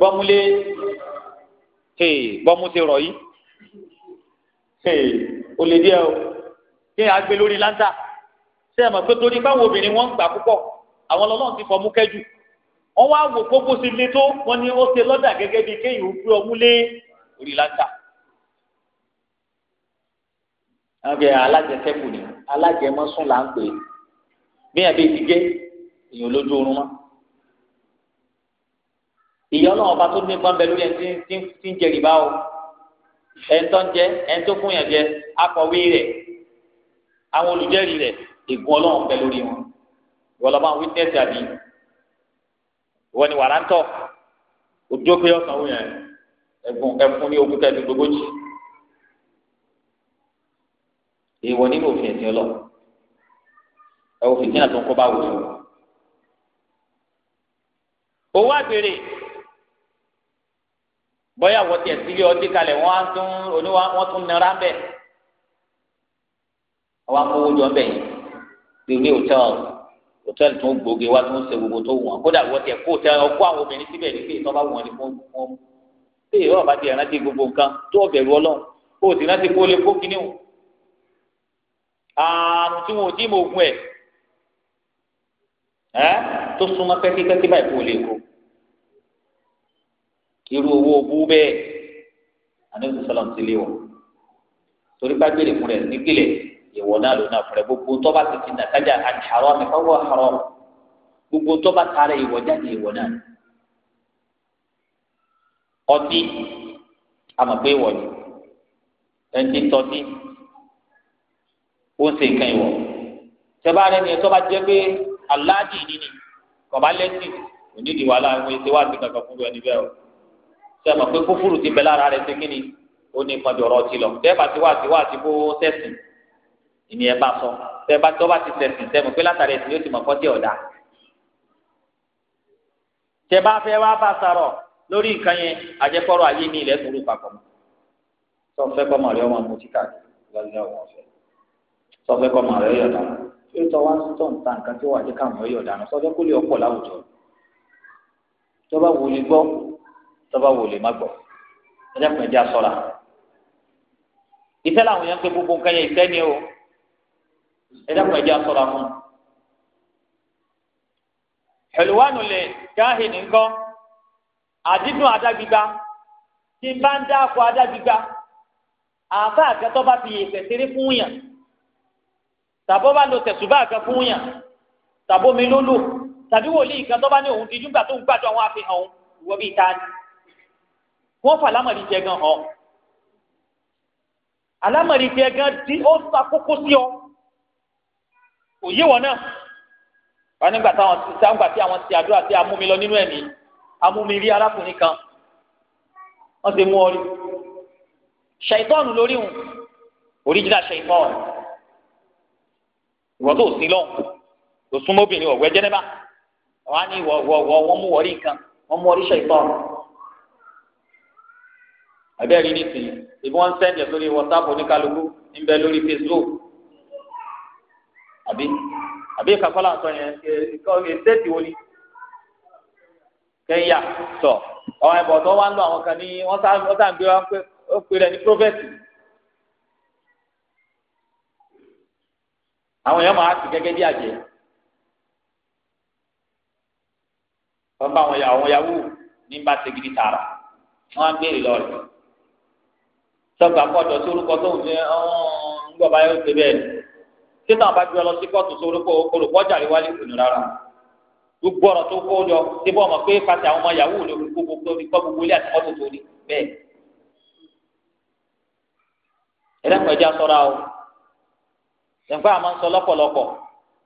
bọ́múlé bọ́mú ti rọ̀ yìí ó lè díẹ̀ o ṣé àgbẹ̀ lórí láńtà ṣé ẹ mọ̀ pé torí báwo obìnrin wọn ń gbà púpọ̀ àwọn ọlọ́run ti fọmú kẹ́jù wọ́n wá wò kókó sí ilé tó wọ́n ní ó ṣe lọ́dà gẹ́gẹ́ bíi kéyìn ó gbé ọmú lé orí láńtà. àgbẹ̀ alájẹsẹ́kù ni alájẹmọ́sùn là ń pè é bí ẹ̀ bí ti gé èèyàn lójú oorun mọ́. ìyá ọlọ́run ọba tó ní pọ́nbẹ lórí ẹni tí ń jẹ rìbá o ẹni tó ń jẹ ẹni tó kún yẹn jẹ akọ̀wé rẹ̀ àwọn olùjẹ́rìí rẹ̀ ègún ọlọ́run pẹ́ lórí wọn ìwọ́n lọ́ba witness àbí ìwọ́n ni wàrà ń tọ̀ ojú pé ọ̀sán wò yẹn ẹ̀fún ẹ̀fún ní ogún kẹ́ẹ̀dùn gbogbo jì ìwọ nínú òfin ẹ̀sìn ọlọ́ ẹ òfin tí náà tó ń kọ́ bá wò ó owó àgbèrè bọ́yá wọ́n tiẹ̀ sílé ọdí kalẹ̀ wọ́n tún nira bẹ́ẹ̀ ọwọ́ akówó jọ ń bẹ̀ yìí lórí hòtẹ́ẹ̀lì hòtẹ́ẹ̀lì tó ń gbòógè wá tó ń ṣe gbogbo tó wọ̀n kódà wọ́n tẹ̀ kó tẹ ọkọ àwọn obìnrin síbẹ̀ ní pé ìtọ́ba wọ̀n ni fún wọn. ṣé ìwé ọba ti rántí gbogbo nǹkan tó ọbẹ̀rù ọlọ́run kó o ti rántí kó o lè kó kinní o. àrùn tí wọn ò dín mọ ogun ẹ̀ ẹ́ tó súnmọ́ pẹ́kípẹ́kí báyìí kó o lè kó. irú owó bú bẹ́ẹ̀ àníbi ìwọ náà ló náà fúnra gbogbo tó bá tètè nà sájà àti àrọ́ mi fọwọ́ àrọ́ gbogbo tó bá tara ìwọ jáde ìwọ náà ọtí àmọ̀ pé ìwọ ni ẹni tọ́tí ó ń ṣe nǹkan ìwọ tẹ́bá rẹ ni ẹ tó bá jẹ́ pé aláàjì nínú kọ̀ọ̀bá lẹ́sìn onídìí wàhálà àwọn ètò wà sí kankan fún ẹni bẹ́ẹ̀ o ṣe pé kúfúrú ti bẹ lára rẹ ṣe kí ó ní ìpàdé ọ̀rọ̀ ti lọ bẹ́ẹ̀ ti wá sí wá sí bó tẹ̀sìn ìní ẹ bá sọ tẹ bá tọ́ bá ti sẹ̀sìn sẹ́mu pé látàrí ẹ̀sìn yóò ti mọ̀ kọ́ tí ọ̀dà tẹ bá fẹ́ wá bá sọ̀rọ̀ lórí nǹkan yẹn àjẹkọ́rọ̀ ayé mi ilẹ̀ kúrú papọ̀ sọ fẹ́ kọ́ màrí ọmọ mo ti káàkiri lọ́lẹ́ ọ̀wọ́ ọ̀fẹ́ sọ fẹ́ kọ́ màrí ọyọ̀ dáná yóò tọ́ wá sí tọ́hún ta nǹkan tí wàá jẹ́ káwọn ọyọ̀ dáná sọ fẹ́ kó lè ọ̀pọ̀ láwùjọ tọ́ba wò wò ẹ̀dá kan ẹ̀jẹ̀ asọ̀rọ̀ àwọn. ẹ̀lùwánu lè káhìn nǹkan àdídùn adágbígbá tí n bá ń dáàbò adágbígbá àáfà àkẹ́tọ́ bá fi yèsẹ̀ ṣeré fún yàn tàbó bá lo tẹ̀sùbá kan fún yàn tàbó mi ló lò tàbí wòlíì kan tó bá ní òun di nígbà tó ń gbàdúrà wọn àfihàn òun ìwọ bíi ta ni wọn fà lámàrí jẹ gan hàn alámàrí jẹ gan tí ó sa sí ọ kò yé wọn náà wọn nígbà táwọn sáńgbà tí àwọn ti àdúrà tí amúmi lọ nínú ẹ̀mí amúmi rí arákùnrin kan wọn ti mú ọ rí ṣàìtọ́ọ̀nù lórí wọn oríjìnà ṣàìtọ́ọ̀nù ìwọ tó sí lọ́hùn tó súnmọ́ obìnrin ọ̀wẹ́ jẹ́nẹ́bà wọn á ní ìwọ ìwọ ìwọ wọn mú wọrí nǹkan wọn mú ọrí ṣàìtọ́ọ̀nù àbẹ́rẹ́ ní ti ìbí wọ́n ń sẹ́ǹdẹ̀ lórí wọ́sáàpù oníkálukú ń bẹ lórí Facebook àbí àbí kakọ́lá sọ yẹn ẹ̀ẹ́dẹ́tì wo ni kẹ́ńyà sọ ọ̀hún ẹ̀bọ̀ tó wá ń lọ àwọn kan ní wọ́n sá ń gbé wá pé ó pè rẹ̀ ní prọfẹ̀tì àwọn èèyàn máa ti gẹ́gẹ́ bí àjẹ́ wọ́n bá àwọn yahoo ní bá segiri tààrà wọ́n á béèrè lọ́ọ̀rẹ́ sọ́gbà kọ́ ọ̀dọ̀ orúkọ tó ń gbọ́ báyọ̀ ṣe bẹ́ẹ̀ títà bá gbé ọ lọ sí kóòtù tó olùkọ́ jàre wálé kò ní rárá gbogbo ọ̀rọ̀ tó kó lọ ṣé bọ́ ọmọ pé pàṣẹ àwọn ọmọ yahoo ló fi kó gbogbo ní kọ́ gbogbo ilé àti kọ́tù tó ní bẹ́ẹ̀. ẹlẹ́kọ̀ọ́ ẹja sọ́ra o ṣẹ̀fẹ́ àmọ́ ń sọ lọ́pọ̀lọpọ̀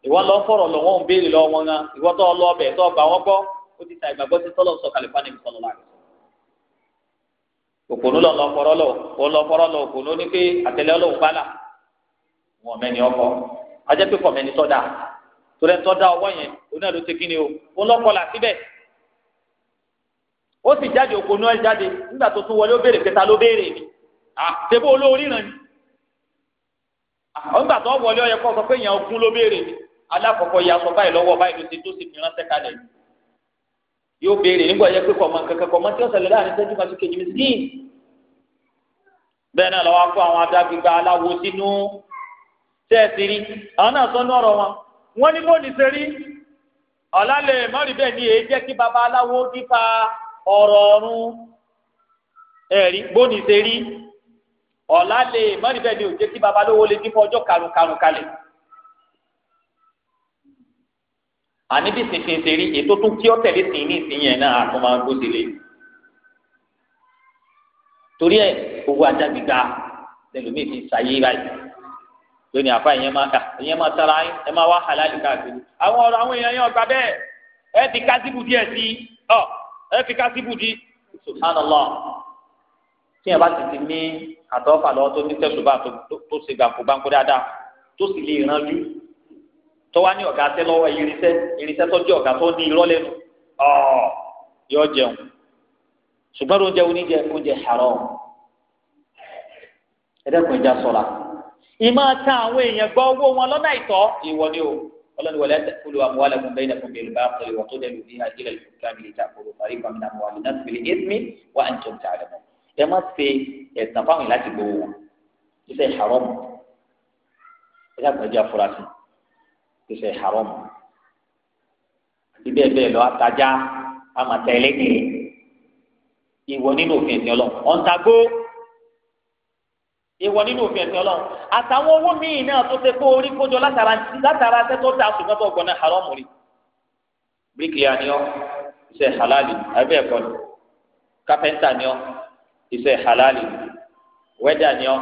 ìwọ lọ fọ̀rọ̀ lọ wọn ò béèrè lọ wọn gan ìwọ tó lọ ọbẹ̀ tó gbà wọ́n gbọ́ ó ti ta ìgbàgbọ́ sí tọ́lọ̀ sọ kàlífà níbi sọ̀rọ̀ láàrin. òkùnú lọ lọ wọn mẹni ọkọ ajẹ́ pé kọ̀mẹ́ni tọ́da torí tọ́da ọwọ́ yẹn oní àlọ́ tẹ́kí ni o òun lọ́kọ là síbẹ̀ ó sì jáde òkò ọ jáde nígbà tó tún wọlé ó béèrè kẹta ló béèrè mi àtẹ̀bó olóorí ràn ní nígbà tó wọlé sọ pé ló béèrè mi ya sọ báyìí lọ́wọ́ báyìí ló tó sì fi ránṣẹ́ yóò béèrè nígbà yẹ pé kọ̀mọ kankan kọ̀mọ tí ó láàrin sẹ́jú kan kejì tẹ́ ẹ ti àwọn ọ̀rọ̀ wọn wọn ni bó ní ṣe rí ọ̀làlẹ̀ mọ́rí bẹ́ẹ̀ ni baba aláwo ọ̀rọ̀ ọ̀run ẹ̀rí bó ṣe rí ọ̀làlẹ̀ mọ́rí bẹ́ẹ̀ ni ò jẹ́ kí baba aláwo lè dípa ọjọ́ karùn-karùn kalẹ̀ àní bí sìnkìn ṣe rí ètò tẹ̀lé sí ní torí ẹ owó ajá fi lónìí àfa ìyẹn máa kà ìyẹn máa tara yín ẹ máa wá halali káàkiri àwọn ọ̀rọ̀ àwọn èèyàn yẹn ọgbà bẹ́ẹ̀ ẹ fi kásìbù díẹ̀ sí i ọ ẹ fi kásìbù di subhanallah tí yẹn bá ti ti ní àtọ́fà lọ́wọ́ tó ní tẹ̀sùbà tó ṣe gbàǹkó gbàǹkó dáadáa tó sì lè ranjú tó wá ní ọ̀gá tẹ́ lọ́wọ́ irinṣẹ́ irinṣẹ́ tó jẹ́ ọ̀gá tó ní irọ́ lẹ́nu ọ yọ jẹun ṣùgbọ́n oúnjẹ oníjẹ oúnjẹ haram ẹ̀dẹ́kùnrin já sọ̀rọ̀ ìmọ̀ ta àwọn èèyàn gba owó wọn lọ́nà ìtọ́ ìwọ ni o ọlọ́ni wọlé àtẹkùlù àmúwálẹ̀ fún bẹ́ẹ̀ nàfún bẹ́ẹ̀ bá pẹ̀lú wọn tó dẹ̀lú bí àjẹlẹ̀ lùkàmì ìtàkùrù parí kan náà wà lùnà sílẹ̀ ẹ̀sìnmí wà á ń tó ta àlẹ́ mọ́ ẹ má ṣe ẹ̀sìn fáwọn láti gbowó wọn iṣẹ́ haram ẹ dàgbàjẹ́ afurasí iṣẹ́ haram àti bẹ́ẹ̀ bẹ́ẹ̀ lọ àtajà àmàtẹ́lẹ́kẹ̀ẹ́ ìwọ nínú òfin ìsìn ìwọ nínú òfin ẹ̀sìn ọlọ́run àtàwọn owó míì náà tó ṣe kó orí kójọ látara ṣẹ́ tó dáa ṣùgbọ́n bọ̀ gbọ́nà haram rí bíríkìlì àníọ́ iṣẹ́ halali abẹ́ ẹ̀kọ́ ni kápẹ́ńtà àníọ́ iṣẹ́ halali wẹ́dà àníọ́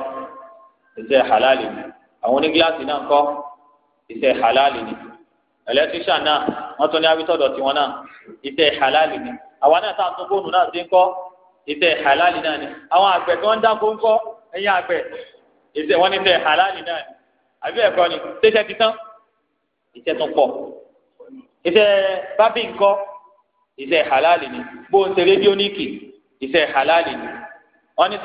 iṣẹ́ halali àwọn onígíláàsì náà kọ́ iṣẹ́ halali ni ẹlẹtírísà náà wọ́n tún ní awítọ́dọ̀ tiwọn náà iṣẹ́ halali ni àwa náà tá a tún fóònù náà ṣe ń kọ́ iṣẹ́ halali náà ni àwọn àgbẹ̀ tí wọ́n dáko ń kọ́ ẹ̀yin àgbẹ̀ èsì wọn ní tẹ halali náà ni àbí ẹ̀kọ́ ni tẹ́tẹ́ ti tán iṣẹ́ tún pọ̀ iṣẹ́ bábí ńkọ́ iṣẹ́ halali ni bó ń ṣe rédíóníkì iṣẹ́ halali ni wọn ní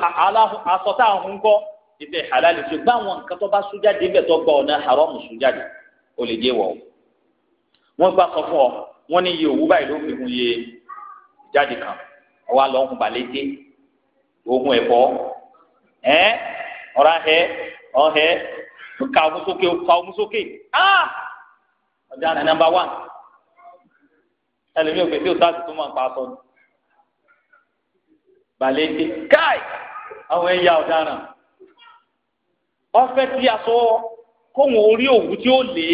aṣọ tá à ń hun kọ́ iṣẹ́ halali ṣùgbọ́n àwọn nǹkan tó bá sún jáde ń bẹ̀ tó gba ọ̀nà haramu sún jáde ó lè jẹ́ wọ̀ wọ́n gbà sọ fún ọ wọ́n ní iye òwú báyìí ló fi hun iye jáde kan ọwọ́ àlọ́ ń hun balẹ̀ dé òhun ẹ̀fọ́ ẹ ọ̀rá hẹ ọ̀hẹ ká ọmú sókè ká ọmú sókè ah ọjà rẹ nàmbà wán ẹlòmíì òkè tí o sáà tó máa ń pa aṣọ ni balẹ̀ dé káì àwọn ẹ̀yà ọ̀daràn ọ̀fẹ́ tí aṣọ kóhùn orí òwú tí ó lé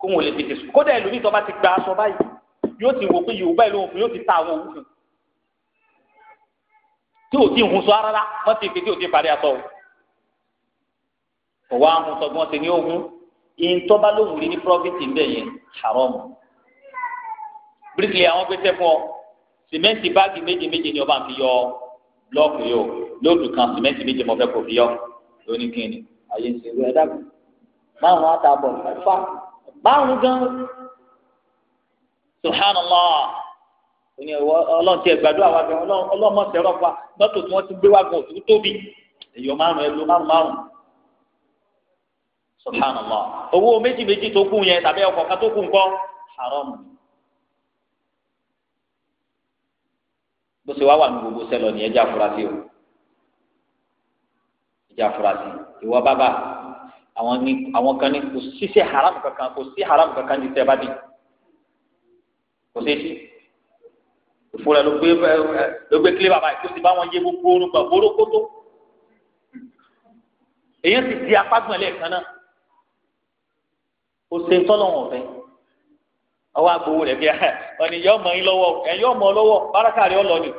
kóhùn ò lè tètè sùn kódà ẹlòmíì tó bá ti gba aṣọ báyìí yóò ti wò pé yorùbá ìlú òfin yóò ti ta àwọn òwú kan tí ò ti hun sọ rárá wọn ti fi tí ò ti parí aṣọ o òwa hun sọ bí wọn ti ní ohun ìtọ́ba lóhùn rí ní prọfìtì ń bẹ̀ yẹn haramu bíríkìlì àwọn gbèsè fún ọ sìmẹ́ǹtì báàgì méje méje ni ọba fi yọ blọọkù yìí o lóòdù kan sìmẹ́ǹtì méje mo fẹ́ kó fi yọ lónìí kí ni àyè ń ṣe ìwé ẹ̀dá márùn-ún àtàbọ̀ ẹ̀fà márùn-ún gan-an subhanallah òní ẹwọ Ọlọ́run ti ẹgbàdúrà wa bẹ́ẹ̀ Ọlọ́run mọ sẹrọ pa lọtò tí wọn ti gbé wa gan òtún tóbi èyọ márùn ẹlò márùn márùn subhanallah owó méjì méjì tó kù yẹn tàbí ọkọ kan tó kù ńkọ́ haram bó ṣe wá wà ní gbogbo sẹlọ ní ẹjẹ afurasí o ẹjẹ afurasí ìwọ bàbá àwọn ní àwọn kan ní kò sí sí haram kankan kò sí haram kankan ní sẹbàdì kò sí sí fúnra ló gbé ló gbé kílé bàbá yìí tó ti bá wọn yé gbogbo orúkọ gbórókótó èyàn ti di apágbọ̀n lẹ́ẹ̀kan náà ó ṣe ń tọ́lọ̀ wọn fẹ́ ọwọ́ agbowó rẹ̀ bí i ọ̀nì ọmọ yín lọ́wọ́ ẹ̀yin ọmọ lọ́wọ́ bárakà ọlọ́ọ̀nì.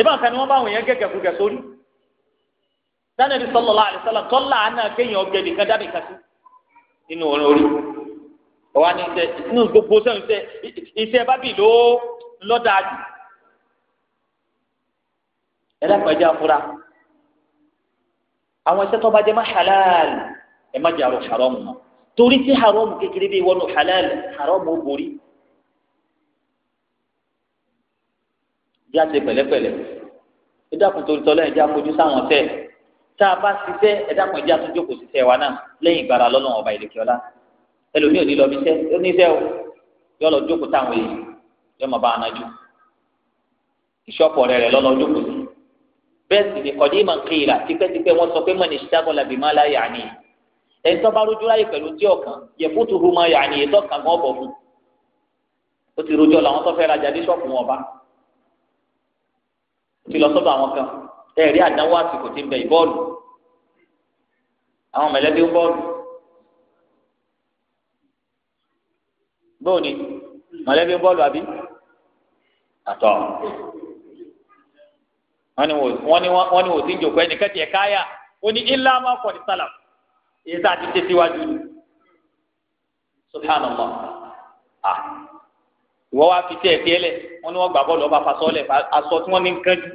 ìbá nǹkan ni wọ́n bá àwọn èèyàn gẹ̀gẹ̀ kú gẹ̀ sórí sanadi sallallahu alaihi wasallam tọ́lá àná kéèyàn ọgbẹ́ nìkan dábì kan sí nínú orin orí ọwọ́ ni iṣẹ́ inú gbogbo sẹ́yìn iṣẹ́ iṣẹ́ bábì ló lọ́dà jù ẹ dákun ẹjẹ afura àwọn iṣẹ́ tó bá jẹ́ má halal ẹ má jẹ́ àrò haramu náà torí tí haramu kékeré bí wọnú halal haramu ó borí bí a ṣe pẹ̀lẹ́pẹ̀lẹ́ ẹ dákun torí tọ́lá ẹjẹ afojú sáwọn tẹ́ tá a bá ṣiṣẹ́ ẹ dákun ẹjẹ àtúnjókòó ṣiṣẹ́ wa náà lẹ́yìn ìgbàlá lọ́lọ́wọ́n ọba ìlẹ̀kẹ́ ẹlòmíì ò ní lọ bí sẹ ó ní sẹ o yọ lọ jókòó táwọn èyí yọ mọ bá anájú ìṣọpọ rẹ rẹ lọlọ jókòó sí bẹ́ẹ̀ sì ni kọdí ìmọ̀ nkiri la tipẹ́tipẹ́ wọn sọ pé mọ̀ ní ṣiṣẹ́ la má la yà ni ẹni tó bá rojú láyè pẹ̀lú tí ọ̀kan yẹ̀fú tu hu ma yà ni ètò kan gan bọ̀ fún o ti rojọ́ làwọn tó fẹ́ rajà ní ṣọ́ọ̀pù wọn bá o ti lọ sọ́dọ̀ àwọn kan ẹ̀rí àdánwò àsìkò ti ń bẹ ìbọ́ọ̀lù àwọn mẹ̀lẹ́bí ń bọ́ọ̀lù bóun ni mọ̀lẹ́bí ń bọ́ọ̀lù àbí àtọ̀ wọ́n ní wò sí ń jòkó ẹnìkan tiẹ̀ káyà ó ní ilá máa kọ̀ ní sálà èyí tá a ti ṣe síwájú ni subhanallah ah ìwọ wa fi tẹ̀ tiẹ̀ lẹ̀ wọ́n ní wọ́n gbà bọ́ọ̀lù ọba fasọ́lẹ̀ aṣọ tí wọ́n ní ń kánjú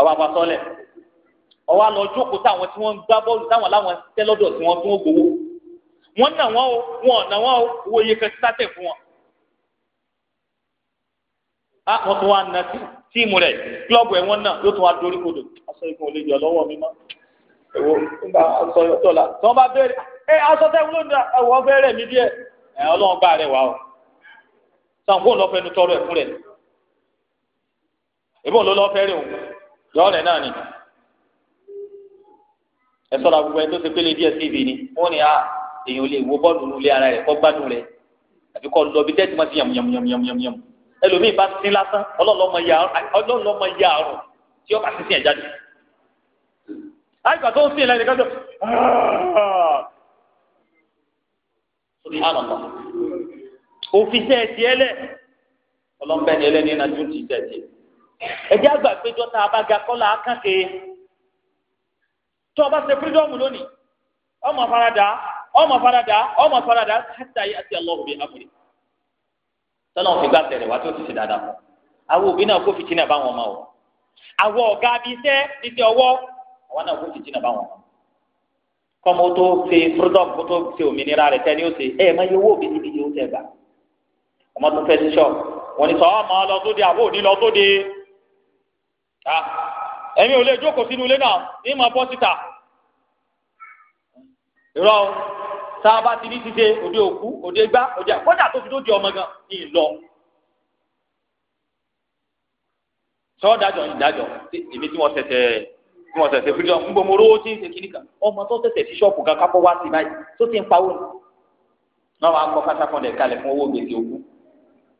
ọba fasọ́lẹ̀ ọwọ́ àlọ́ jókòó táwọn tí wọ́n ń gbá bọ́ọ̀lù táwọn láwọn tẹ́lọ́dọ̀ tí wọ́n tí gbowó wọ́n nà wọ́n o wọ́n nà wọ́n o owó iye kan títà fún wọn. a wọ́n tún wá na tíìmù rẹ̀ kílọ̀bù ẹ̀ wọ́n náà yóò tún wá dorí kodò aṣọ ikùn olè jọ lọ́wọ́ mi mọ́ èwo nígbà aṣọ ìtọ́la tí wọ́n bá bẹ̀rẹ̀ ẹ aṣọ tẹ́ wúlò ní ẹ̀wọ̀n bẹ̀rẹ̀ mi díẹ̀ ẹ̀ ọlọ́run bá rẹ̀ wá o sanwó lọ fẹnu tọrọ ẹ̀ fún rẹ̀ ìbò ló lọ fẹ́rẹ̀ òun yọ rẹ̀ náà ni ẹ sọ̀rọ̀ àgùgbọ̀ ẹ̀ tó ṣe pélé díẹ̀ sí ni wọ́n ní a. Ah, èèyàn lè wo bọ́ọ̀lù nulẹ̀ ara rẹ̀ kọ́ gbádùn rẹ̀ àbí kọ́ lọ bí tẹ́tí máa ti yàmù yàmù yàmù yàmù yàmù yàmù ẹlòmíì bá sin lásán ọlọ́ọ̀lọ́mọ ya ọ̀rùn tí ó bá sin sin ẹ̀ jáde. àìgbà tó ń sin ìlànà ìkájọ. òfin sẹ́ ẹ̀ tiẹ́ lẹ̀ ọlọ́mọbẹ́ ni ẹlẹ́ni náà tún ti sẹ́ ẹ̀ tiẹ́. ẹ̀jẹ̀ àgbà péjọ tá a bá ga kọ́lá akànkè tó o bá ṣe fírídọ́ọ̀mù lónìí ọmọ afárádàá ọmọ farada ọmọ farada hátà yìí àti ọlọ́run bíi abúlé tọ́lá wọn fi gbà tẹ̀lé wá tó ti ṣe dáadáa fún àwọn òbí náà kó fìtí náà bá wọn máa wọ àwọn ọ̀gá bíi iṣẹ́ títí ọwọ́ àwọn náà kó fìtí náà bá wọn máa kọ́mọ tó ṣe freedom kó tó ṣe òmìnira rẹ̀ tẹ́ni ó ṣe ẹ̀ máa yẹ owó òbí níbi yóò tẹ̀ gbà ọmọ tó fẹ́ sí ṣọ́ọ̀bù wọ́n sọ ọmọ lọ sóde òní lọ sóde ah, ẹ̀mí ò lè jókòó sínú ilé náà ní ma bọ́ síta ìrọ̀ tá a bá ti ní títẹ òde òkú òde gbá òde àkọ́jà tó fi tó di ọmọ gan ní ìlọ. sọ́ọ́ dájọ́ ní dájọ́ èmi tí wọ́n tẹ̀tẹ̀ tí wọ́n tẹ̀tẹ̀ fúnjọ́ ń gbọmọ owó tí ń ṣe kíníkà ọmọ tó tẹ̀tẹ̀ sí ṣọ́ọ̀pù kan kápọ́ wá sí báyìí tó ti ń pawó ni. náà wàá gbọ́ kásákọ̀ dẹ̀ kalẹ̀ fún owó gbèsè òkú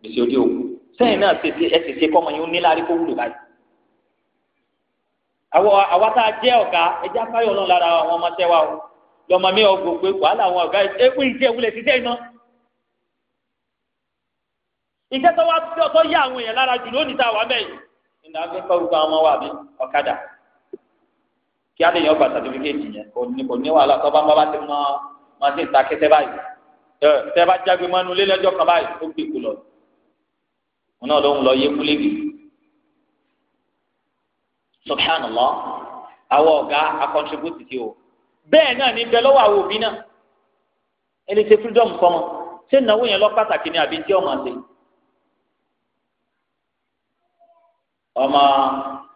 gbèsè òde òkú sẹ́yìn náà ẹ sì ṣe kọ́mọ yín ó ní kó wúlò báyìí àwa tá a jẹ́ ọ̀gá ẹjẹ́ afáyọ̀ náà lára àwọn ọmọ tẹ́wàá o lọmọ mi ò gbogbo wàhálà àwọn ọ̀gá ẹkú ìdí ẹwúlẹ̀ ti dẹ́ iná. iṣẹ́ tó wá tó yá àwọn èèyàn lára jù lónìí tá a wà mẹ́yìn. ìlà fi kọ́ gbogbo àwọn ọmọ wa mi ọ̀kadà kí á lè yan ọgbà sàtífíkẹ́tì yẹn kò ní kò ní wàhálà tó bá ń bá bá ti mọ máa ti ń ta kẹsẹ́ báyìí tẹ́ bá jágbe mọ́nú lélẹ́jọ́ kan báyìí ó gbé kú lọ. wọn náà ló ń lọ yé kúlégì subhanallah àwọn ọ̀gá akọ́ntribútì tí o bẹ́ẹ̀ náà ní bẹ lọ́wọ́ àwọn òbí náà ẹni ṣe freedom fọmọ ṣé ìnáwó yẹn lọ pàtàkì ni àbí tí ọmọ ṣe ọmọ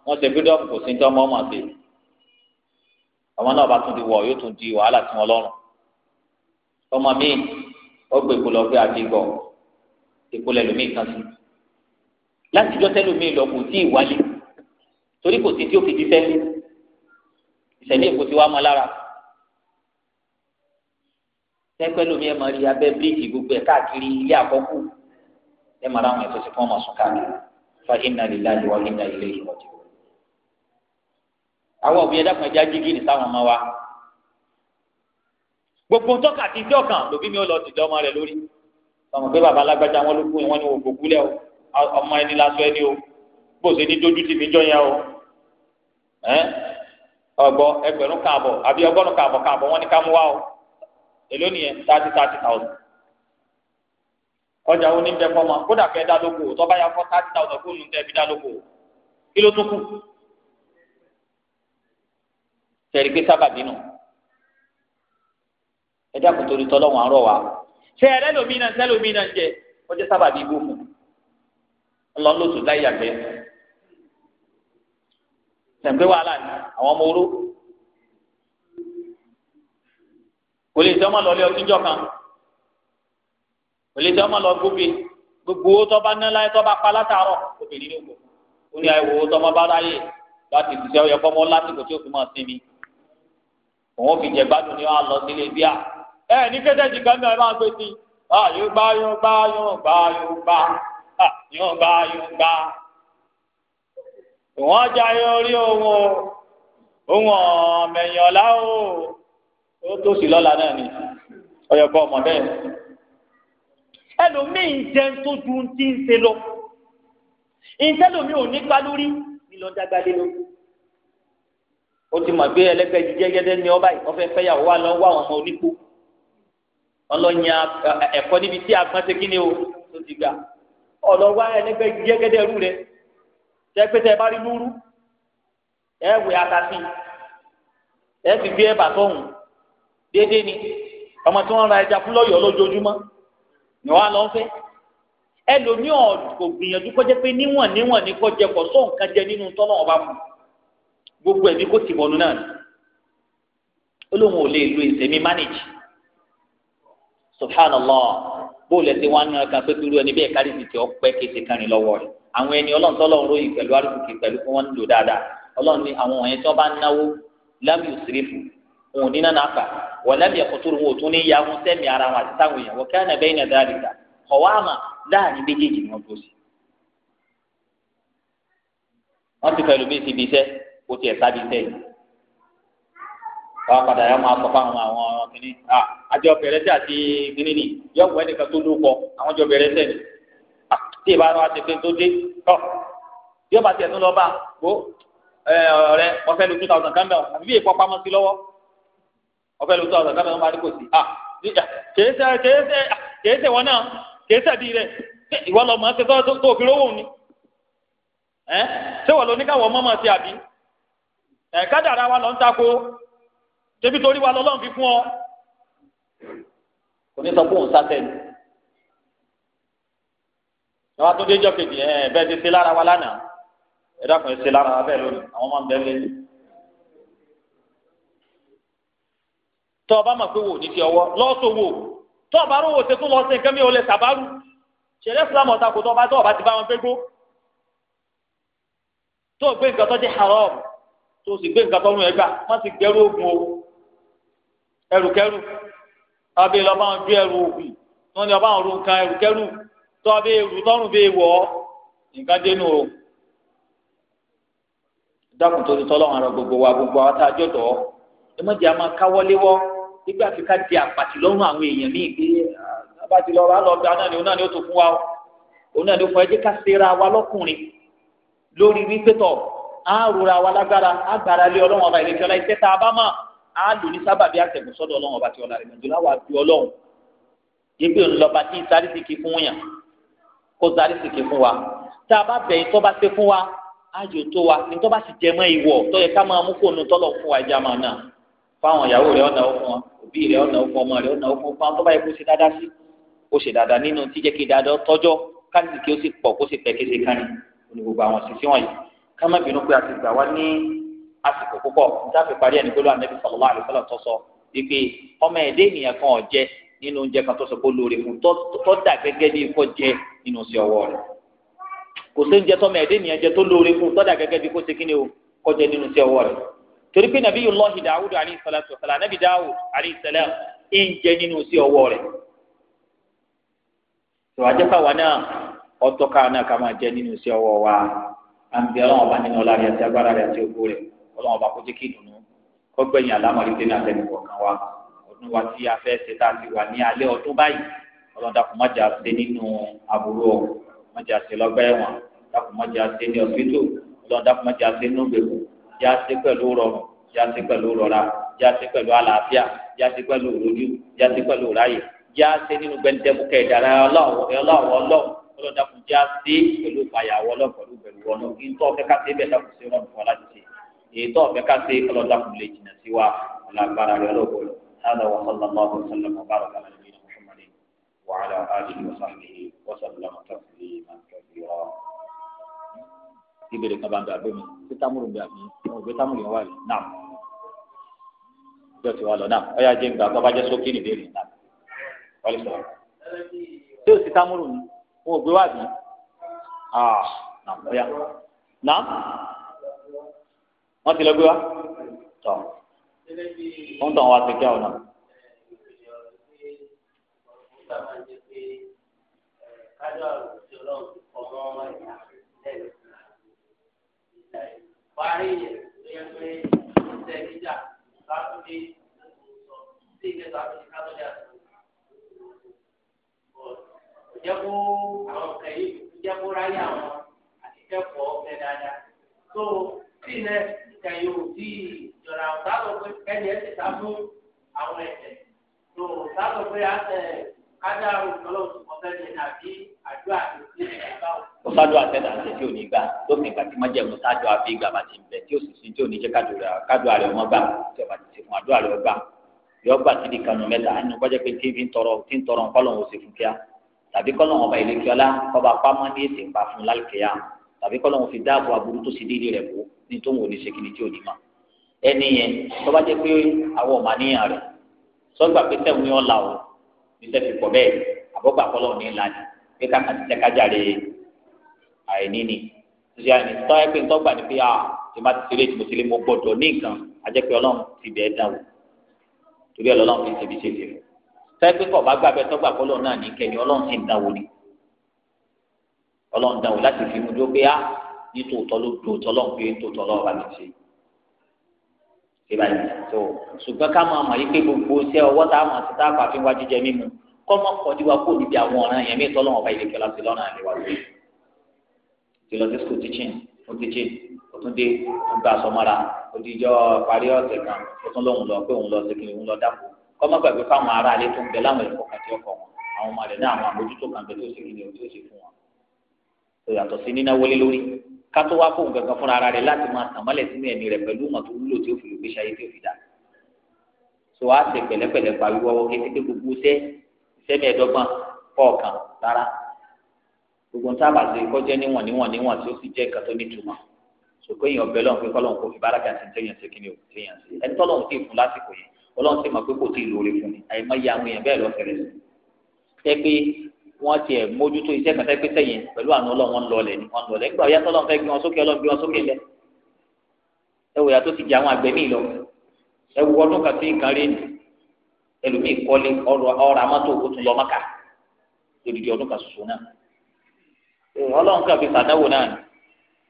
wọn ṣe freedom kò sí ní tí ọmọ ọmọ ṣe ọmọ náà bá tún di wọ yóò tún di wàhálà tí wọn lọ́rùn ọmọ mi ó gbé ìpolọ pé àti gbọ ìpolọ ẹlòmíì kan sí láti jọ tẹlòmíì lọ kò tí ì wálé torí kò sí tí ó fi di fẹ́ ìṣẹ̀lẹ̀ èkó ti wá mọ́ lára tẹ́pẹ́ lómi ẹ̀ máa rí abẹ́ bíríkì gbogbo ẹ̀ káàkiri ilé àkọ́kù ẹ̀ máa ráwọn ẹ̀tọ́ sí fún ọmọ sùn káàkiri fa inna lillahi wa inna ilayhi raji'un. àwọn òbí ẹ̀dá kan ẹja jígì ní sáwọn ọmọ wa gbogbo tọ́ka àti ìjọ kan lòbí mi ò lọ ti dọ́ ọmọ rẹ̀ lórí ọmọ pé bàbá alágbájá wọn ló kú wọn ni wọn kò kúlẹ̀ o ọmọ ẹni lásán ẹni o gbòòsè ní dojú tì mí jọ yẹn o ọgbọ ẹgbẹ̀rún káàbọ̀ àbí ọgọ́rùn káàbọ̀ èló nìyẹn thirty thirty thousand ọjà wo ni bẹ fọmọ kódà fẹ dá lóko tọ́ba ya fọ thirty thousand fóònù tẹ fi dá lóko kí ló tún kù tẹ̀rí pé sábàbí nù ẹ dákun torí tọ́lọ́wọ̀n àárọ̀ wa ṣé ẹ̀rẹ́ lómi náà ṣẹ́ lómi náà jẹ ọjọ́ sábàbí ibú fún ọlọ́lọ́sùn láyà bẹ́ẹ̀ tẹ̀m̀pé wàhálà ni àwọn ọmọ oró. kò lè tẹ́ ọmọ lọ lé ọtí kan kò lè tẹ́ ọmọ lọ gbóbi gbogbo owó tọ́ba ná láyé tọ́ba pa látàárọ̀ obìnrin ní òkú ó ní àìwò owó tọ́ba bá ráyè láti ṣiṣẹ́ ọyọ fọmọ lásìkò tí ó fi máa sinmi òun fi jẹ gbádùn ní wàá lọ sílé bíà ẹ ní kẹsẹ̀jì kan náà ẹ máa gbé sí i yóò gbá yóò gbá yóò gbá yóò gbá yóò gbá yóò gbá òun ọjà yóò rí òun o òun ọ̀mẹ̀yànlá o o tó sì lọ́la náà ni ọ̀yọ̀ kọ́ ọmọ bẹ́ẹ̀. ẹlòmíì jẹun tó ju ti ń ṣe lọ ìtẹ́lòmíì ò nípa lórí ìlọ́dàgbàdé lọ. ó ti mọ̀ pé ẹlẹ́gbẹ́ jíjẹ́gẹ́dẹ́ ni ọba ìkọ́fẹ́ fẹ́yàwó wa lọ wá àwọn ọmọ oníkó ọlọ́yin ẹ̀kọ́ níbi tí agbọ́n ṣe kí ni o tó ti gbà ọlọ́wà ẹlẹ́gbẹ́ jíjẹ́gẹ́dẹ́ rú rẹ tẹ́pẹ́tẹ́ bá rí lúrú ẹ̀ wẹ̀ àtàtì ẹ̀ sì gbé ẹ̀ bàtọ́hùn déédéé ni ọmọ tí wọ́n ra ẹja fún lọ́yọ̀ọ́ lójoojúmọ́ ni wọ́n á lọ fẹ́ ẹlòmíì kò gbìyànjú kọjá pé níwọ̀n níwọ̀n ní kọjá pọ̀ sọ nǹkan jẹ nínú tọ́lọ́ ọba fún gbogbo ẹ̀mí kò tì bọ̀nù náà ó lóun ò lè lo ìsẹ̀mí manage subhanallah bóòlù ẹsẹ̀ wọn náà ẹni ti lọ́wọ́ ẹni wọ̀lẹ́mìí ẹ̀kọ́tòrò wọn ò tún ní yahoo sẹ́mi ara wọn àti táwọn èèyàn wọ́n kẹ́hìn bẹ́ẹ̀ ní ẹ̀dá àdìgbà ọ̀wá àmà láàrin méjèèjì ni wọ́n tó sí. wọ́n ti fẹ́ẹ́ lómi síbi iṣẹ́ kó tiẹ̀ sábì iṣẹ́ yìí. wọ́n padà yà máa sọ fáwọn àwọn kìnnì àjọ bẹ̀rẹ̀ sí àti kìnnì ni yọ̀wọ̀ ẹnìkan tó lóko àwọn jọ bẹ̀rẹ̀ sẹ́ni tí ìbá wa ti fi tó dé tọ́ yọ̀bà tiẹ̀ tó lọ bá gbó ọ̀rẹ́ ọ̀fẹ́ lu two thousand kan bẹ̀ àbí ọ̀fẹ́ ló sọ̀rọ̀ káfẹ́ wọn bá rí kò sí à kèése kèése kèése wọn náà kèése di rẹ ìwọ lọ máa ń ṣe tó òfin lówó ni ẹ ṣé wọn lọ ní káwọn ọmọ máa ṣe àbí ẹ kádàrá wa lọ ń tako débi torí wa lọ́lọ́run fi fún ọ kò ní sọ pé òun sátẹ̀ ni ìwà tó dé jọ kejì ẹ bẹ́ẹ̀ ti ṣe lára wa lánàá ẹ dákun ẹ ṣe lára wa bẹ́ẹ̀ lónìí àwọn máa ń bẹ́ẹ̀ lé yìí. tọ́ ọ bá mọ̀ pé wò ní fi ọwọ́ lọ́sọ̀ wò tọ́ ọba rówó ṣe tún lọ sí nǹkan mi ò lè sàbárù ṣẹlẹ̀ fúlàmù ọ̀tá kò tọ́ ọba ti bá wọn gbégbó tó gbé nǹkan tó jẹ́ haram tó sì gbé nǹkan tó nù ẹgbà má sì gbẹ́rù oògùn o ẹrùkẹ́rù ọbẹ̀ lọ́ba wọn gbé ẹrù oògùn tó ní ọba wọn ro nǹkan ẹrùkẹ́rù tó ọbẹ̀ ẹrù tọ́rùn bẹ́ẹ̀ wọ̀ nǹkan dénú o dákùn tó ti tọ́lọ́ àwọn ará gbogbo wa gbogbo àwọn tá a jọ tọ́ ẹ má jẹ́ àmọ́ káwọ́léwọ́ nígbà tí ká di àpàtì lọ́rùn àwọn èèyàn míì pé abájú ah, lọ́wọ́ á lọ gba náà ni òun náà ni ó tó fún wa o òun náà ni ó fún ẹ jẹ́ ká ṣera wa lọ́kùnrin lórí wípé tọ̀ á rora wa lágbára á gbára lé ọlọ́run ọba ìrètí ọlá iṣẹ́ tá a bá mọ̀ á lò ní sábàbí àtẹ̀gùn sọ́dọ̀ ọlọ́run ọba tí ọlá rẹ̀ mọ̀jú láwa bí ọlọ́run ebi ònlọba tí sáré sìkì fún yàn kó sáré sìkì fún wa tá a bá bẹ̀ yín bá ṣe fún wa á yóò tó wa ní tọ́ bá sì jẹ mọ́ ìwọ̀ tọ́ yẹ ká máa mú kó nu tọ́lọ̀ fún wa ìjà máa náà fáwọn ìyàwó rẹ ọ̀nà ọkùn òbí rẹ ọ̀nà ọkùn ọmọ rẹ ọ̀nà ọkùn fáwọn tó báyìí kó ṣe dáadáa sí kó ṣe dáadáa nínú tí jẹ́ kí dáadáa tọ́jọ́ káàdì kí ó sì pọ̀ kó sì pẹ́ kése kárí ní gbogbo àwọn sísí wọ̀nyí ká má bínú pé a ti gbà wá ní àsìkò púpọ̀ níta fi parí ẹni gbólóhàn nẹ́bí sallallahu alaihi wasallam tó sọ wípé ọmọ ẹ̀dẹ́ ènìyàn kan ọ̀jẹ́ nínú oúnjẹ kan tó sọ pé lóore fún tó dà gẹ́gẹ́ bí kò jẹ ni o kò torí pé nàbí yòlọ́hì dàwúdù àlìsàlátù ọ̀sàlá nàbí dàwúdù àlìsàlá ń jẹ nínú sí ọwọ́ rẹ̀ tó àjẹpà wa náà ọtọ́ ká náà ká máa jẹ nínú sí ọwọ́ wa à ń bẹ ọlọ́wọ́n bá nínú ọlá rẹ̀ àti agbára rẹ̀ àti ògo rẹ̀ ọlọ́wọ́n bá kó jẹ́ kí ìdùnnú kó gbẹ̀yìn àlámọ̀rí dé náà fẹ́ni kọ̀ọ̀kan wa ọdún wa yá sí pẹ̀lú rọrùn yá sí pẹ̀lú rọra yá sí pẹ̀lú àlàáfíà yá sí pẹ̀lú òròjú yá sí pẹ̀lú ráyè yá sí nínú gbẹndẹ́mukẹ́ ìdára ọlọ́wọ́ ọlọ́wọ́ ọlọ́dàkùn já sí pẹ̀lú fàyàwọ́ ọlọ́pẹ̀lú bẹ̀rù wọn náà ìtọ́ ọ̀fẹ́ ká sí bẹ́ẹ̀ dàkùn sí ọlọ́run fún ọlájú sí ìtọ́ ọ̀fẹ́ ká sí ọlọ́dàkùn lè jìnà sí wa ọ̀làgbára rẹ̀ ọlọ́gbọ̀lọ́ هذا وصلى الله وسلم وبارك على نبينا محمد وعلى اله وصحبه وسلم تسليما كثيرا ìbéèrè kan bá ń bẹ abẹ́ mi ṣé támúrù ń bẹ àbí wọn ò gbé támúrù yẹn wà lẹ náà ìjọ ti wà lọ náà ó yà jẹ́ ìgbà tó bá jẹ́ sókè ní ìbéèrè náà wọ́n lè sọ̀rọ̀ o sì támúrù ni wọn ò gbé wà bí ah, náà ó náà wọ́n ti lọ gbé wa tọ̀ wọ́n tàn wá ti kí àwọn náà. Kájọ́ àrùn parí yẹ pé ó tẹ níjà sátúndé sí ìkẹta àti kátólì àti ìjẹ́ kó àwọn kẹ̀yìn ìjẹ́ kó ráyè àwọn àti kẹ́kọ̀ọ́ fẹ́ dáadáa tó sí ilẹ̀ kẹ̀yìn ò tí ìjọra sábà pé kẹ́ni ẹ̀ ti sá fún àwọn ẹ̀jẹ̀ tó sábà pé kájà òṣèlú ọ̀sádù àtẹ̀dá àti tí ò ní gbà lópin ìgbà tí má jẹ́ mọ́sádù àfi ìgbà bá ti ń bẹ̀ tí ó sì sí tí ò ní jẹ́ kádù àrẹ ọmọ gbà tí ọba ti ti fún àdúrà rẹ ọgbà yọ gbà tí di kanu mẹ́ta ẹnu kọjá pé tí ń tọrọ tí ń tọrọ kọ́lọ́hún òsì fún kíá tàbí kọ́lọ́hún ọba ilé kíọ́lá kọ́ba pamọ́ ní ètè ń pa fún lálùkẹ́yà tàbí kọ́lọ́hún fi dáàbò aburú tó sì déédéé rẹ̀ bò ní tó ń wò ní sekiri tí ò ní o ní sẹ́fì pọ̀ àbọ̀gbà kọlọ̀ ní ìlànà pé káka ti tẹ́kájáre àìní ni ṣe àìní tọ́ ẹ pé ntọ́gbà ni pé a ti má ti ṣeré tí mo ṣe lé mo gbọ́dọ̀ ní nǹkan ajẹ́ pé ọlọ́run ti bẹ̀ẹ́ dà wò torí ẹ lọ́lọ́run fi ṣèbí ṣèbí rẹ̀ tọ́ ẹ pé kọ̀ bá gbà bẹ́ẹ̀ tọ́gbà kọlọ̀ náà ní kẹ́ni ọlọ́run ti ń dà wò ni ọlọ́run dà wò láti fi mu dúró pé a ní tòótọ́ ló tòótọ́ lọ́run pé tòótọ́ lọ́run bá mi ṣe ṣùgbọ́n ká máa mọ̀ yí pé gbogbo iṣẹ́ ọwọ́ tá a mọ̀ sí tá a pàfin wájú jẹ mímu kọ́mọ kọ́díwá kó níbi àwọn ọ̀ràn yẹn mìíràn tọ́lọ́wọ́n ọba ìlẹ̀kẹ́ láti lọ́nà àlewà lórí ti lọ sí school teaching fún teaching ó tún dé ó gba àsọmọ́ra ó di ìjọ parí ọ̀sẹ̀ kan ó tún lóun lọ pé òun lọ sẹ́kìnì òun lọ dáko kọ́mọ gbàgbé fáwọn ará ilé tó ń bẹ láwọn ẹ̀kọ́ kan tí ọkọ̀ wọn àwọn ọmọ rẹ̀ náà àwọn àmójútó kan bẹ tó sẹ́kìnì ò tí ó fún wọn tó sí sẹ́mi ẹ̀dọ́gbọ̀n kọ̀ọ̀kan rárá gbogbo nta bá ṣe kọjá níwọ̀n níwọ̀n níwọ̀n tí ó sì jẹ́ ìka tó nítumọ̀ sòkò èèyàn ọbẹ̀ lọ́n pé kọ́lọ́n kò fi bára kí àti tẹ̀yàn ṣe kí ni ò tẹ̀yàn ṣe ẹni tọ́lọ́n ti fún lásìkò yẹn ọlọ́run ti mọ̀ pé kò tí ì lóore fún mi àyèmọ́ ya àwọn èèyàn bẹ́ẹ̀ lọ fẹ̀rẹ̀ sí tẹ́ pé wọ́n ti ẹ̀ mójútó iṣẹ́ kan tẹ́ pé tẹ̀yìn pẹ̀lú àánú ọlọ́run lọlẹ̀ ni wọ́n lọlẹ̀ nígbà ọ̀yá tọ́lọ́n fẹ́ gbé wọn sókè ọlọ́run gbé wọn sókè lẹ ẹ wò yàtọ̀ ti jẹ àwọn àgbẹ̀ míì lọ ẹ wò ọdún kan sí ìkan rí ni ẹlòmíì kọ́lé ọ̀rọ̀ amátò kó tún lọ mọ́kà lódìdí ọdún kan ṣoṣo náà ọlọ́run kan fi sàdáwò náà ni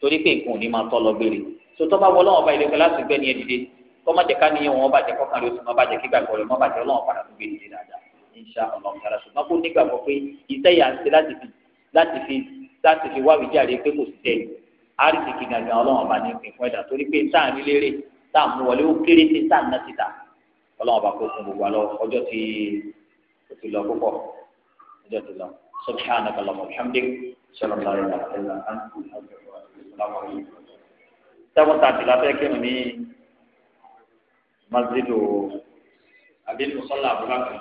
torí pé nǹkan ò ní máa tọ́ lọ gbére sọtọ́ bá wọ ọlọ́run ọba ìlẹ́kẹ́ láti gbẹ́ ní ẹ dìde kọ́mọ̀jẹ̀ ká níyẹn wọn bàjẹ́ kọ́kàn lóṣù má bàjẹ́ kígbàgbọ́ rẹ̀ má bàjẹ́ ọlọ́run padà tó gbé dìde dáadáa insha Allah ta'ala ṣùgbọ́n kó nígbàgbọ́ pé iṣẹ́ yà ń ṣe láti fi láti fi láti fi wáwí jáde pé kò sí tẹ̀ àrísìkì gàgà ọlọ́run ọba ní ìpín ẹ̀dá torí pé táà nílérè táà ọlọ́run bá kó fún gbogbo àlọ́ ọjọ́ tí ó ti lọ púpọ̀ ọjọ́ ti lọ subhanahu wa ta'ala alhamdi sallallahu alaihi wa sallam. sẹ́wọ́n tàbí la fẹ́ kírun ní masjidu abiy musola abubakar.